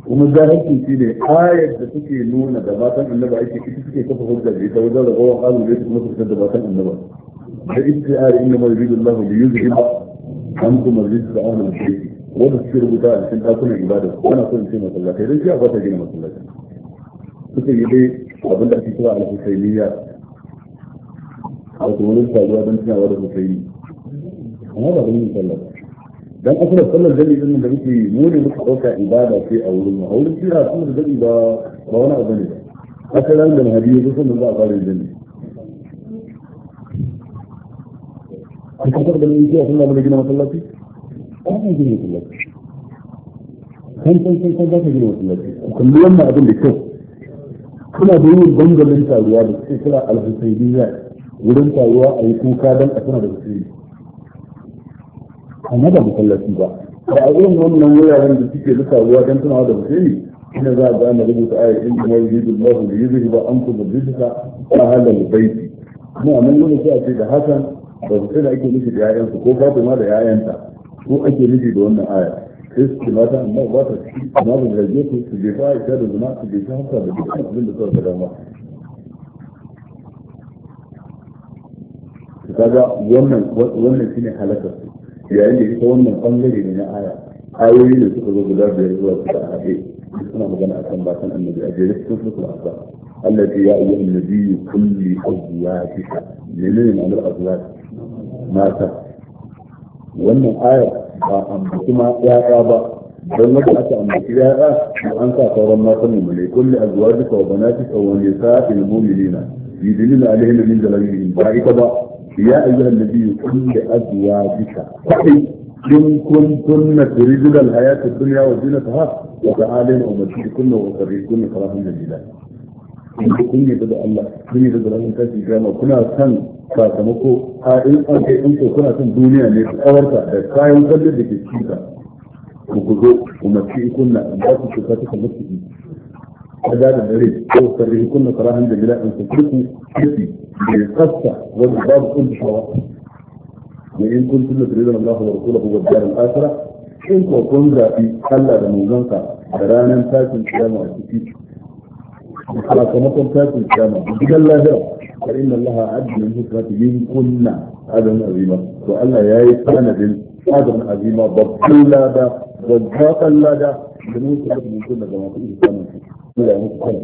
A: kuma zahirci shi ne ayar da suke nuna da matan annaba ake ita suke kafa hujjar da ita wajen ragowar azumin da kuma su fitar da matan annaba فإذ قال إنما يريد الله ليذهب عنكم الرزق أهل الشرك ونسير بذلك أن أكون عبادة وأنا أكون في مكان الله خيرا في أغوات جنة مكان الله تسير لي أبن أتي سواء على حسينية أو تقول لك أبوا بن سنة ولا حسيني هذا أبن مكان الله dan akwai sallar dani din da yake mune muka dauka ibada ce a wurin mu a wurin kira sun da dani ba ba wani abu ne ba akwai ran da hadiyu sun da za a fara dani masallaci da kyau kuna da yin dangalin taruwa da suke kira alhussaidiyya wurin taruwa a yi kuka don a tana da husaini amma ba masallaci ba ba a irin wannan wuraren da suke da taruwa don tunawa da husaini ina za a ga na rubuta ayat in kuma yuzu da bi yuzu ba an kuma bizka ta halal baiti mu amma mun sai a ce da hasan rubuce da ake nufi da yayansu ko babu ma da yayanta ko ake nufi da wannan aya sai su ce mata amma ba ta ciki amma ba da gefe su je ta aisha da zina su je ta hasa da dukkan abin da suka dama kaga wannan wannan shine halakar su yayin da ita wannan bangare ne na aya ayoyi ne suka zo guda biyar zuwa suka haɗe suna magana akan bakan annabi a jere cikin suka asa التي يا أيها النبي كل أزواجك منين أمر أزواجك mata wannan aya ba ambaci ma yaya ba don wanda aka ambaci yaya an sa sauran matan mu ne kulli azwajuka wa banatika wa nisa'il mu'minina yudnina alayhinna min jalabihim ba ita ba ya ayyuhan nabiyyu kulli azwajika kai إن كنتن تريدن الحياة الدنيا وزينتها وتعالين أمتكن وأسركن صلاة جميلة yanzu kun yi da Allah kun yi da ranar tashi kiyama kuna san sakamako a in an kai in ko kuna san duniya ne tsawarta da kayan kallon da ke cika ku ku zo ku mace kunna an ba ku cuta ta kamar su kada da dare ko sarri kunna sarahan da gida in su kurku kirki da tsafta wanda babu kun shawa wa in kuntum turidun Allah wa rasuluhu wa dar al-akhirah in ko kun zabi Allah da manzon da ranar tashin kiyama a cikin على كما تاتي الكامة إذا لا هرى فإن الله عد من هكرة من كنا أدم عظيمة وأن يا يسانا دل أدم عظيمة ضبط لا دا ضبط لا دا جنوس رب من كنا كما تقول الكامة لا يمكن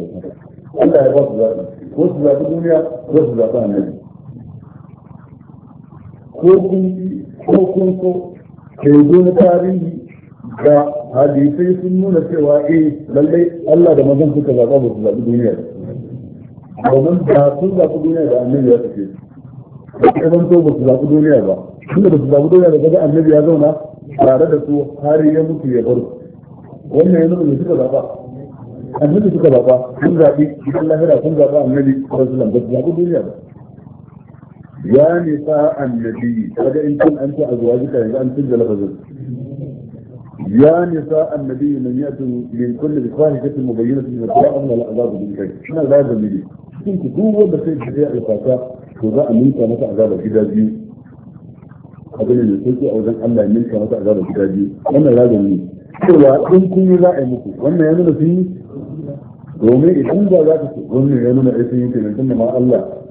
A: الله يبصر وصل في الدنيا وصل في النبي ko kun ko kun so ke zo na tarihi ga hadisai sun nuna cewa eh lallai Allah da mazan suka zaɓa ba su zaɓi duniya domin da sun zaɓi duniya da annabi ya tafi da ke zan so ba su zaɓi duniya ba tunda ba su zaɓi duniya da kaga annabi ya zauna tare da su har ya mutu ya bar wannan ya nuna suka zaɓa annabi suka zaɓa sun zaɓi idan lahira sun zaɓa annabi rasulan ba su zaɓi duniya ba ya nisa annabi kaga in kun an ce a zuwa yanzu an tunja lafazin يا نساء النبي من يأتوا من كل الفاحشة المبينة من الفراء لا لأعذاب من كيف شنا لازم نبي كنت تقول بس يجب أن يفاكا فضاء منك متى أعذاب كده دي قبل أن يسلك أو ذن أم لا منك متى أعذاب كده دي أنا لازم نبي كلا إن كي لا أمكو وأن يمن فيه رومي إذن ذا ذاك رومي يمن إسنين كنتم مع الله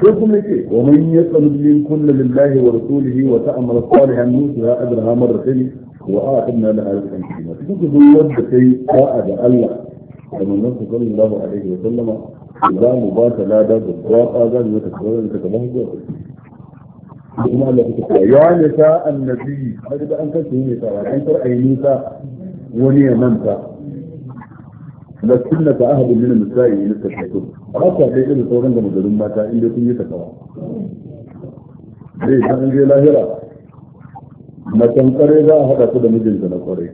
A: شو كم يكي ومن يتنب من كل لله ورسوله وتأمر صالحا نوسها أدرها مرتين وآخذنا لها الحمسين تقول بلد بكي قائد الله لما نفس صلى الله عليه وسلم إذا مباشا لا دا بقاء آذان وتكبر أن تكبه يا نساء النبي هذا أنت سيني ترى أنت رأي نيسا ونيا من la sunna ka ahadun min an-nisa'i in tashaqqu ba ka dai irin sauran ga magarin mata inda kun yi ta takawa dai an je lahira Na kare za a haɗa ku da mijinta na kwarai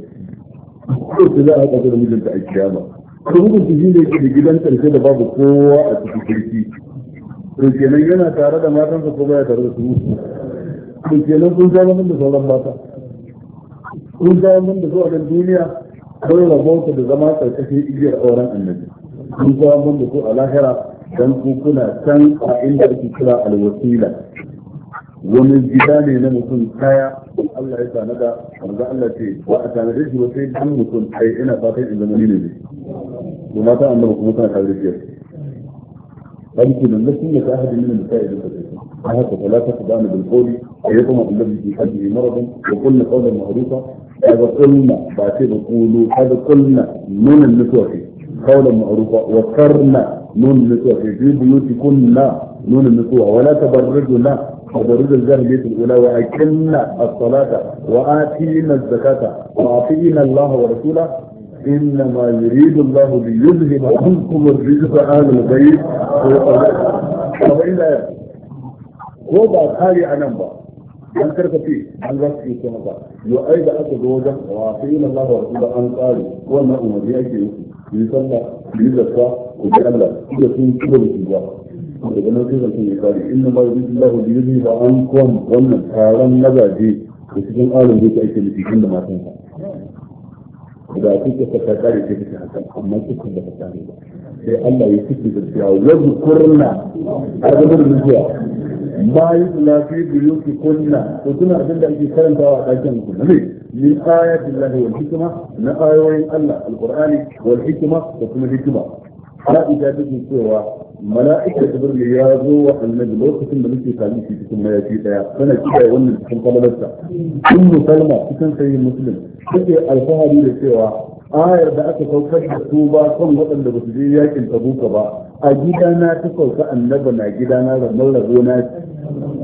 A: ko su za a haɗa ku da mijinta a kiyama ko hukunci shi ne da gidan ƙarshe da babu kowa a cikin kirki to kenan yana tare da matansa ko baya tare da su to kenan kun zama da sauran mata kun zama da su a duniya kai rabonku da zama karkashin igiyar auren annabi sun zama mun da ku a lahira dan ku kuna can a inda ake kira alwasila wani gida ne na mutum kaya Allah ya tanada manzo Allah ce wa a da shi wasai dan mutum kai ina fatan in zama ni ne to mata annabi kuma kana tare da shi dan ku nan da kun da ahadin min da kai da kai فهذا ثلاثة قدام بالقول أيطمع الذي في قلبه مرض وقلنا قولا معروفا هذا قلنا بعتبر قولوا هذا قلنا من النسوة قولا معروفا وكرنا نون النسوة في كنا نون النسوة ولا تبرجنا تبرج الجاهلية الأولى وأكلنا الصلاة وآتينا الزكاة وأعطينا الله ورسوله إنما يريد الله ليذهب عنكم الرجس أهل البيت وإلى ko ba kare a nan ba an karkace an za su iya ce maka yo ai da aka zo wajen wa sai yin Allah wa rasulullah an tsare wannan umarni ake yi yi sallah yi zakka ku bi Allah da sun ci da su ba daga nan sai zan ya kare inna ma yuridullahu li yuzhiba ankum wannan taron mazaje da cikin alin da yake ake nufi tun da matan sa da kuka saka kare ce kake hakan amma kuka da ka kare ba sai Allah ya kike da cewa wa kurna a gaban zuciya ما يتلى في بيوت كنا وكنا عندنا في كلام توا عايزين كنا ليه من آيات الله والحكمة من آيوين الله القرآن والحكمة وكما الحكمة لا إجابة سوى ملائكة جبريل يا روح النبي لو كنت ملك تعليم في كل ما يجي ده أنا كده يقول لك كم قبل بس كل كلمة كنت سيد مسلم كده الفهد اللي سوى آية بقى تتوقف التوبة كم وقت اللي بتجي ياكل أبوك بقى a gidana ta sauka annaba na gidana rabon rabona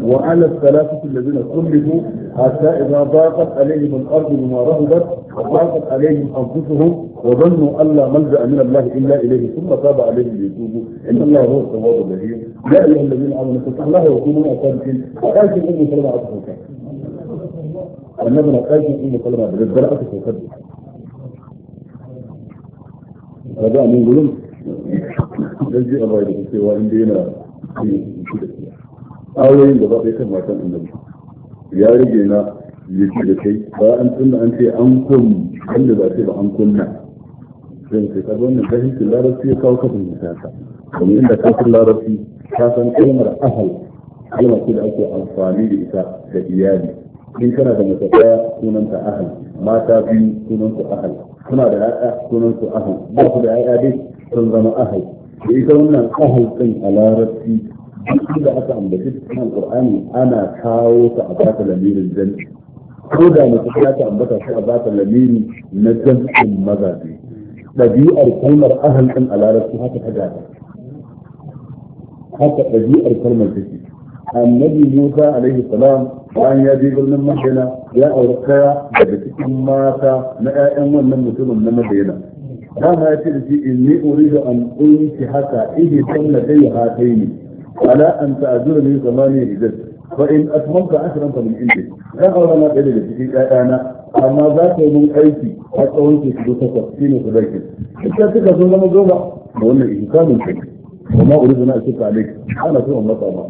A: wa ala salatu allazina kullu hatta idza daqat alaihim al-ardu bima rahabat wa daqat alaihim anfusuhum wa dhannu an la malja min Allah illa ilayhi thumma taba alaihim yatubu inna Allah huwa at-tawwab al-rahim ya ayyuha allazina amanu taqullaha wa kunu muqaddin wa qadin ummu salama atfuka annabi na qadin ummu salama da daddare aka sauka da ba da mun gulun dan ji a bayan cewa inda yana ayoyin gaba ɗaya kan matan annabi ya rage na ya ce da kai ba an tunna an ce an kun wanda ba ce ba an kunna zan ce kaga wannan fahimcin larabci ya kawo kafin misasa domin inda kafin larabci ta san kalmar ahal kalmar ce da ake amfani da ita da iyali in kana da mace ɗaya sunanta ahal mata biyu sunanta ahal suna da 'ya'ya sunanta ahal ba su da 'ya'ya dai sun zama ahal da ita wannan ahal din a larabci duk da aka ambaci cikin alqur'ani ana kawo ta a bata lamirin jan'i ko da mutum ya ta ambata sai a bata lamiri na jan'in mazaje ɗabi'ar kalmar ahal din a larabci haka ta gada haka ɗabi'ar kalmar take annabi Musa alaihi salam bayan ya je birnin Madina ya aure kaya daga cikin mata na ƴaƴan wannan mutumin na Madina فما تلك إني أريد أن أنك حتى إيه كن لدي هاتين على أن تأذرني زماني هدد فإن أتممت اكثر فمن انت لا أولا ما قلت في آيانا أما ذاك من أيتي حتى أنك سبسة سين وسبيك إذا تكتب لما جوبا وأن الإنسان من شيء وما أريد أن أشك عليك أنا في أمرك أمام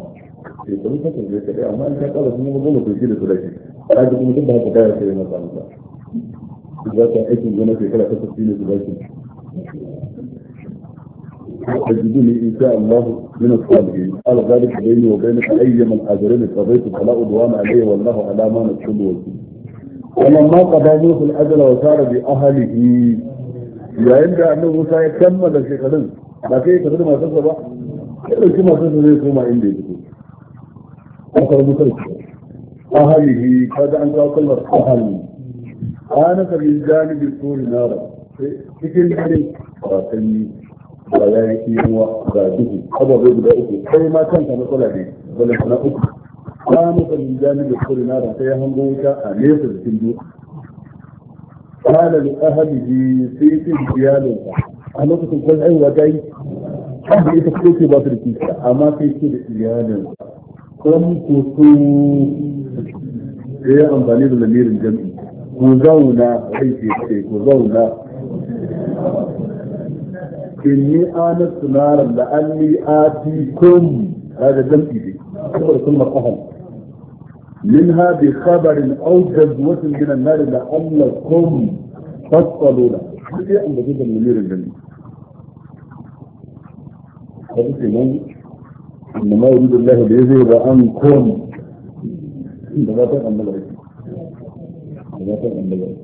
A: يقول لك يا جماعه انت قاعد تقول لي في كده عايز تقول لي كده كده يا جماعه za ta aikin gona shekara ta tafi ne إن شاء الله من الصالحين قال ذلك بيني وبينك أي من حاضرين قضيت فلا أدوان عليه والله على ما نكتب وكيل ولما قضى موسى الأجل وسار بأهله يا عند أنه موسى يكمل شيخنا لكن يكتب ما تصبع إلا كما تصبع ما عندي أخر موسى أهله هذا أنت أقل أهله ana ka min janibin turi nara cikin dare wasanni ba ya yi kiwa ga duhu ababai guda uku Sai ma kanka matsala ne balanta na uku ana ka min janibin turi nara sai hango wuta a nesa cikin duhu قال لأهله في دياله a lokacin kwan aiwa ta yi da ita ko ce ba su da kisa amma sai ce da iyalin kwan koto ya yi amfani da lamirin jami'i قزونا حيثي حيثي قزونا إني آنست نارا لأني آتيكم هذا جمعي دي خبر ثم قهم منها بخبر أو جذوة من النار لأنكم فصلوا تصلون هذا أن بجد المنير الجنة هذا سيمان إنما يريد الله بإذن وأنكم إنما تقع الملعب matan annabi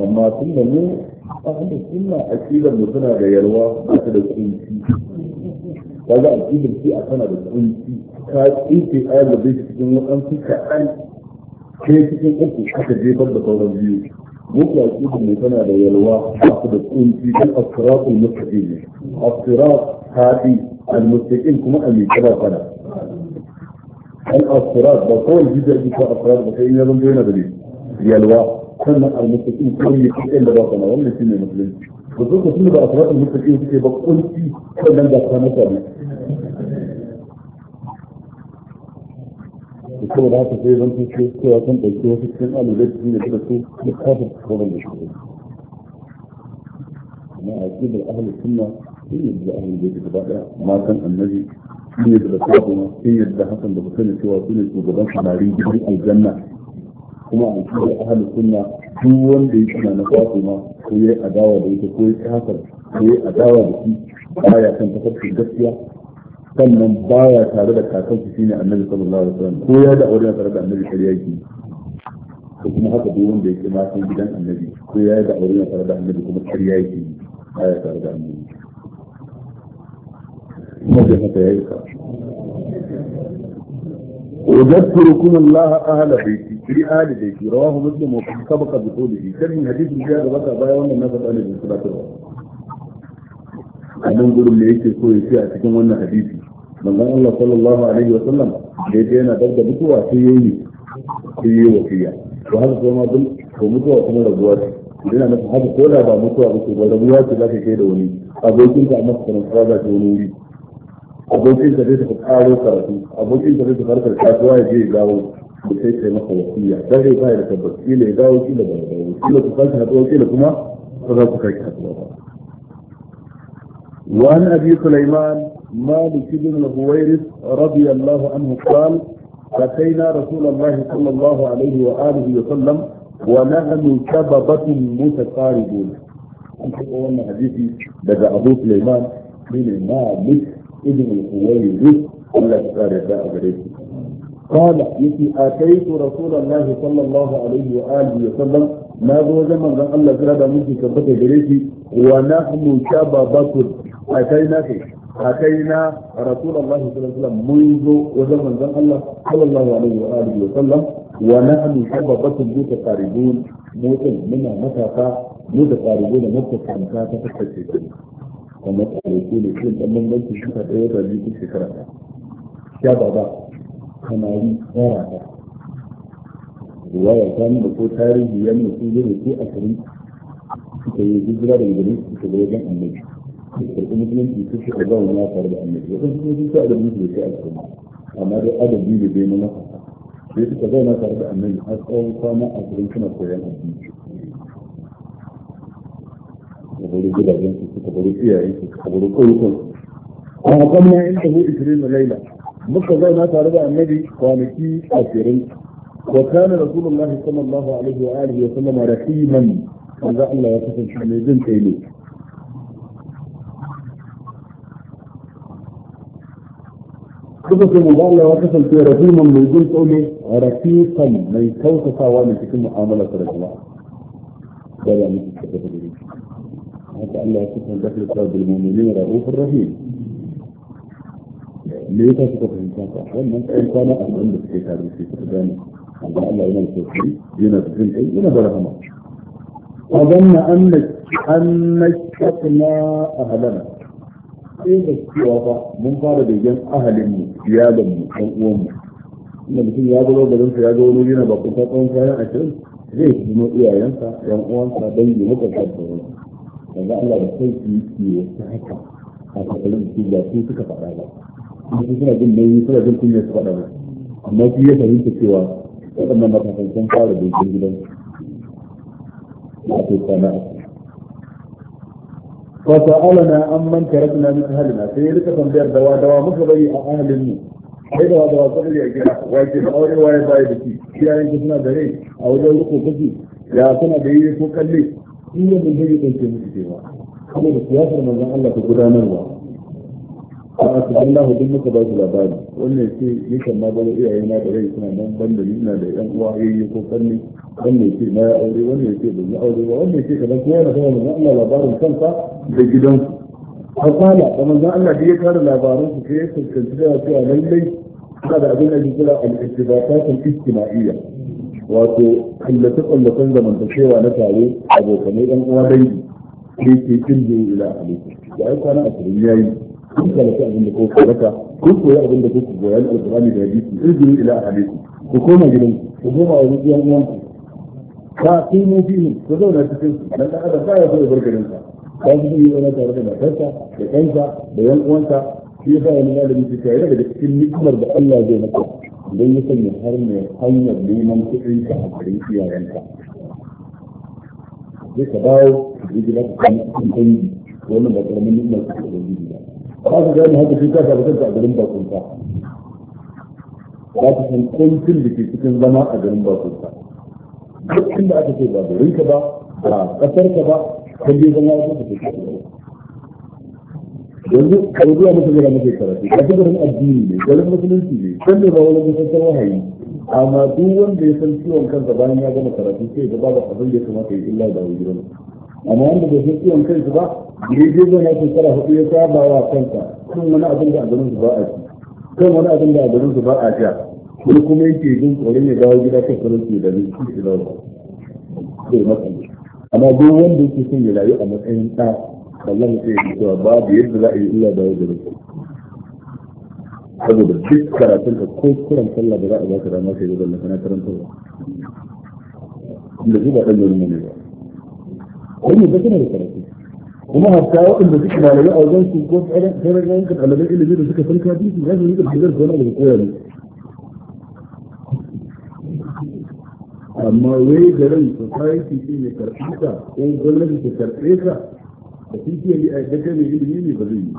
A: amma tun da mu inda suna akidar mu suna da yalwa ba ta da kunci a akidar shi a tana da kunci ka tsinke ayar da bai cikin waɗansu kaɗan ke cikin uku aka jefar da sauran biyu muku akidar mu suna da yalwa ba ta da kunci kan asiratul mustaqim asirat hadi al-mustaqim kuma a mai kira fara الأفراد بقول جزء بتاع أفراد بقول إذا لم يكن دليل يلوى سنة المستقيم كل يحيط إلا باطنا ولا سنة مثلين بذلك سنة بأفراد المستقيم كي إيه؟ بقول في سنة بأفراد مثلا بسبب هذا الشيء لم تكن سوى كنت أجدوها في السنة أنا ليس سنة كده سوى مخافة خبر المشكلة أنا أجيب الأهل السنة هي إيه أهل البيت بعدها ما كان النبي sun yadda da sabu sun yadda hakan da kusa cewa su ne shugaban samari gidan aljanna kuma a cikin ahalu sunna duk wanda ya tuna na fatima ko ya adawa da ita ko ya kasa ko ya adawa da shi baya kan tafarkin gaskiya sannan baya tare da kakansu shine annabi sallallahu alaihi wasallam ko ya da aure tare da annabi shari'a ki ko kuma haka duk wanda yake ma san gidan annabi ko ya da aure tare da annabi kuma shari'a ki baya tare da annabi مجمع تيائيك وجدت ركون الله أهل بيتي في آل بيتي رواه مسلم وفي سبق بقوله كان من حديث الجاهد بقى بايا وانا ما فتأل من سبعة رواه أنا نقول اللي يكي سوى يسيع تكون وانا حديثي من قال الله صلى الله عليه وسلم جيتينا تبدأ بكوا في يومي في يومي وهذا هو ما قلت ومتوى كما ربواتي لنا نفس حاجة قولها بقى متوى بكوا ربواتي لكي كيدا وني أبوكي انت عمد كنا فرادا كونوري abokin ka zai tafi karo karatu abokin ka zai tafi harkar kasuwa ya je ya dawo da sai sai maka wasiya dan zai bayar da tabbas kila ya dawo kila ba ya dawo kila ku sake haduwa kila kuma ba za ku sake haduwa ba وعن ابي سليمان مالك بن الهويرث رضي الله عنه قال اتينا رسول الله صلى الله عليه واله وسلم ونحن شببة متقاربون. أنت قولنا حديثي لدى أبو سليمان من مالك ابن الخويلد قال تعالى جاء قال يتي آتيت رسول الله صلى الله عليه وآله وسلم ما هو زمن ان الله تعالى منك كبت بريد ونحن شبابة أتينا أتينا رسول الله صلى الله عليه وسلم منذ وزمن ان الله صلى الله عليه وآله وسلم ونحن شبابة متقاربون موت منا متى متقاربون متقا متقا متقا wannan kwanaki da shi ɗan bambanci shekara ɗaya da biyu shekara ɗaya ya baba kamari tsara ta ruwaya ta nuna ko tarihi ya nuna sun zai ko ashirin suka yi hijira daga garin suka zo wajen annabi karɓi musulunci su suka zauna na ya da annabi wasu sun yi su adabin su da kai ashirin amma dai adabi da bai na masa sai suka zauna tare da annabi har tsawon kwana ashirin suna koyon addini suka bari gidajen su suka bari iyayen su suka bari ƙauyukan su a hakamna inda hu ishirin laila muka zauna tare da annabi kwanaki ashirin wa kana rasulullahi sallallahu alaihi wa alihi wa sallama rahiman manzo Allah ya kasance mai jin kai ne kuma sai manzo Allah ya kasance rahiman mai jin kai ne rafiqan mai kautatawa ne cikin mu'amalar da jama'a da ya mutu da حتى الله يكون دخل قلب المؤمنين رؤوف رحيم ليه تفكر في الإنسان صح؟ وإن الإنسان أصلا عندك في هذا الشيء تقدم عند الله ينام في ينام في الحي ينام برهما وظن أنك أنك أقنى أهلنا إيه بس وضع منقارب جن أهلنا سيادنا وأمنا inda mutum ya zo garinsa ya zo wani gina bakon ta tsawon kayan ashirin zai kuma iyayensa yan uwansa dangi makwabta da wani yanzu Allah da kai su yi wasu haka a kakalin su ba su suka faɗa ba su suna jin nauyi suna jin kunya su faɗa ba amma su ya fahimta cewa waɗannan matakan sun fara dokin gidan a kai sana'a فسألنا عمن تركنا من أهلنا سيرك تنبير دوا دوا مكبري أهل النور sai da wata wasu da ya gina wace da aure waye baya da shi iyayen ki suna da rai a wajen riko kuki ya suna da yi ko kalli in yadda zai ɗauke musu cewa kuma da siyasar manzon Allah ta gudanarwa a cikin lahu duk muka ba su labari wannan ce ni kan ma bane iyaye na da rai suna nan banda ni ina da yan uwa yayi ko kanni wannan ce na aure wannan ce ban aure ba wannan ce kadan kowa na sanar da Allah labarin kansa da gidansu har kala da manzon Allah da ya kare labarin su sai ya fuskanci da cewa lallai suna da abin da ke kira al-istibatat al-ijtima'iyya wato kallace kallacen zamantakewa na tare abokanai ɗan uwa dangi sai ke kin da ila alaikum da ai kwana ashirin yayi kun kallace abin da kuka raka kun koyi abin da kuka goyi alqur'ani da hadisi irjiu ila alaikum ku koma gidan ku koma wa yan uwan ku ka sai mu fi ku zauna cikin su dan da adam ba ya so ya bar garin ka ka ji yana tare da matarsa da kansa da yan uwansa shi yasa wani malami ke cewa yana daga cikin nikmar da Allah zai maka don ya sanya har mai hanyar neman kuɗin ka a garin iyayenka zai ka dawo zai gida ka kama cikin dangi wannan ba karamin nuna su da dangi ba ba su gane haka shi ka shafi kanka a garin bakunta ba su san kwancin da ke cikin zama a garin bakunta duk inda aka ce ba ka ba ba ka ba kan dai zama da ke cikin yanzu kai zuwa mutum da muke karatu a cikin addini ne garin musulunci ne san da ba wani musulunci wahayi amma duk wanda ya san ciwon kansa bayan ya gama karatu sai ga babu abin da ya kamata ya illa da wuri gidan amma wanda bai san ciwon kansa ba daidai zai na shekara hudu ya saba wa kansa kan wani abin da a garin su ba a ci kan wani abin da a garin su ba a sha wani kuma yake jin tsoron ya dawo gida kan tsoron su da zai ci da ba amma duk wanda yake son ya rayu a matsayin ɗa الله فيه بسوى باب يبرأي إلا داود الرسول حدود الذكرة تلك كل كرة مصلى براء باكرة ما في جدا لكنا ترمت الله اللي هو علم المنيرة علم الذكرة لكرة وما هبتاوا إلا ذكرة على الله أولا في القوة فعلا كان لا ينكر على اللي إلا ذكرة ذكرة تلك هديث لازم يجب الحجر في نعلم القوة لي أما ويجرن سوسايتي في نكرتيكا وقلن في كرتيكا da kifiyar yi a yadda mai ilimi ne ba zai yi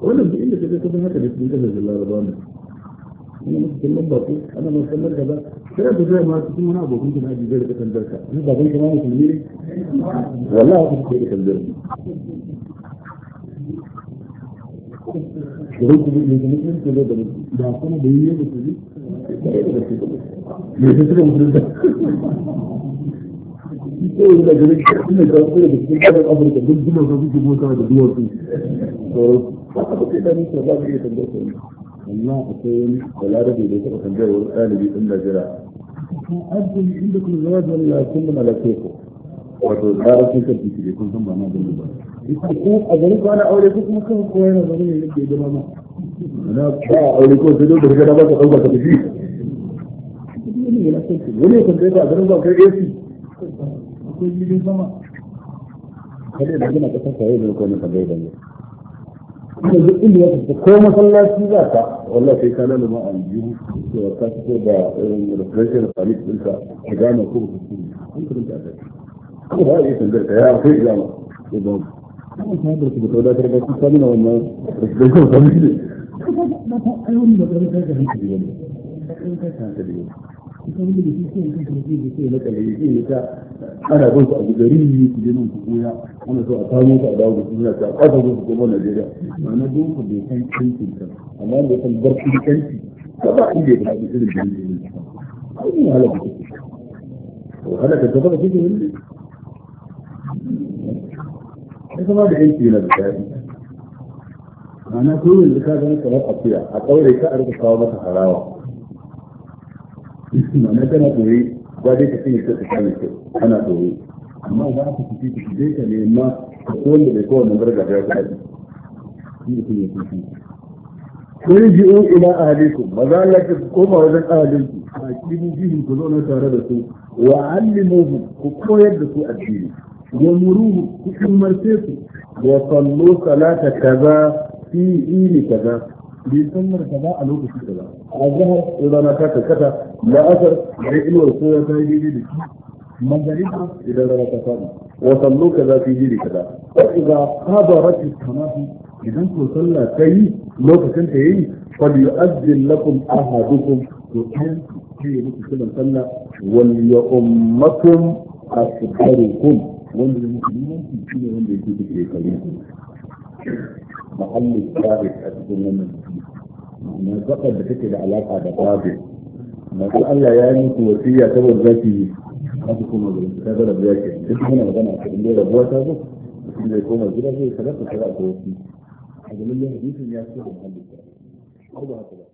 A: wannan duk inda ka zai kafin haka da cikin kasar da laraba ne kuma mutu kallon bako ana masu kallon gaba kira da zai masu cikin wani abokin jin aji zai da kasan darka ni baban kama musulmi ne wallahi haka suke da kasan darka da rukun da yake mutum ke zo da mutum da kuma da yi ne musulmi da yake da shi ne sai suka musulunta يقول لك جريك كل الجرسية بتكون كده الأمر ده كل جمعة صديق يقول كده بدور فيه فأنا بكيت أنا يسمى بقى إيه تنبسل الله أقول ولا ربي بيتبقى تنبيه والآلبي إلا جراء أبدو عندكم الزواج ولا كل ملكيكم wato tsara sun karfi su ke kun san ba na gani ba ko a gari ko ana aure ko kuma kan kowa yana zama ne yake gaba ma na ba aure ko sai dole daga ba ka dauka ko jirgin sama kada da gina kawai da ko ne ka duk inda ya fita ko masallaci za ka wallahi sai ka laluma a aljihu ko ka fito da irin eh, refreshing ka ko ba ku kun kun ta ta ko ba ya tangar ka ya kai jama ko ba kuma ta da ta da ta da ku ta nuna wannan refreshing service ne ba ta ayyuka da ka ga hankali ne ka ka hankali ne kusan yi da shi sai yanzu kuma da sai na kalaye sai ya ta ana bin su a gudari ne ku je nan ku goya ana so a samu ku a dawo da suna ta ƙasa ku ku koma Najeriya ma'ana don ku bai san kankin ta amma da san barkin kanki ba ba inda ya faɗi irin da yi ai ne halaka ku to halaka ta ba kike ne kuma da yanki yana da tsari ma'ana ko yanzu ka zama kamar akuya a ƙaure ka a rika kawo masa harawa ma'ana tana koyi ba dai ka cinye ta tsakanin kyau ana koyi amma za ka fi ta dai ka nema ka wanda bai kowane zarga da ya kwaɗi shi da kuma kuki kun ji in ila ahalikum maza Allah ka koma wajen ahalinku a cikin jihin ku zauna tare da su wa allimuhu ku koyar da su addini ya muruhu ku umarce su wa sallu salata kaza fi ili kaza bi sallar kaza a lokaci kaza الظهر إذا ما كانت لا أثر والقوة إذا وصلوا كذا في جدي كذا فإذا حضرت السماء إذا كنت صلى كي لو كنت فليؤذن لكم أحدكم وكان في مكتب صلى وليؤمكم أكبركم وان ya في limanci shi ne wanda ya ke kuke kalin mantakar da take da alaƙa da babu masu Allah ya yi musu wasiya saboda za su yi haka kuma gurin ta zara biya ke duk muna magana a cikin da rabuwa ta zo mutum zai koma gida zai sadaka sadaka wasu a galilin hadisin ya ce da muhalli
B: ko ba haka ba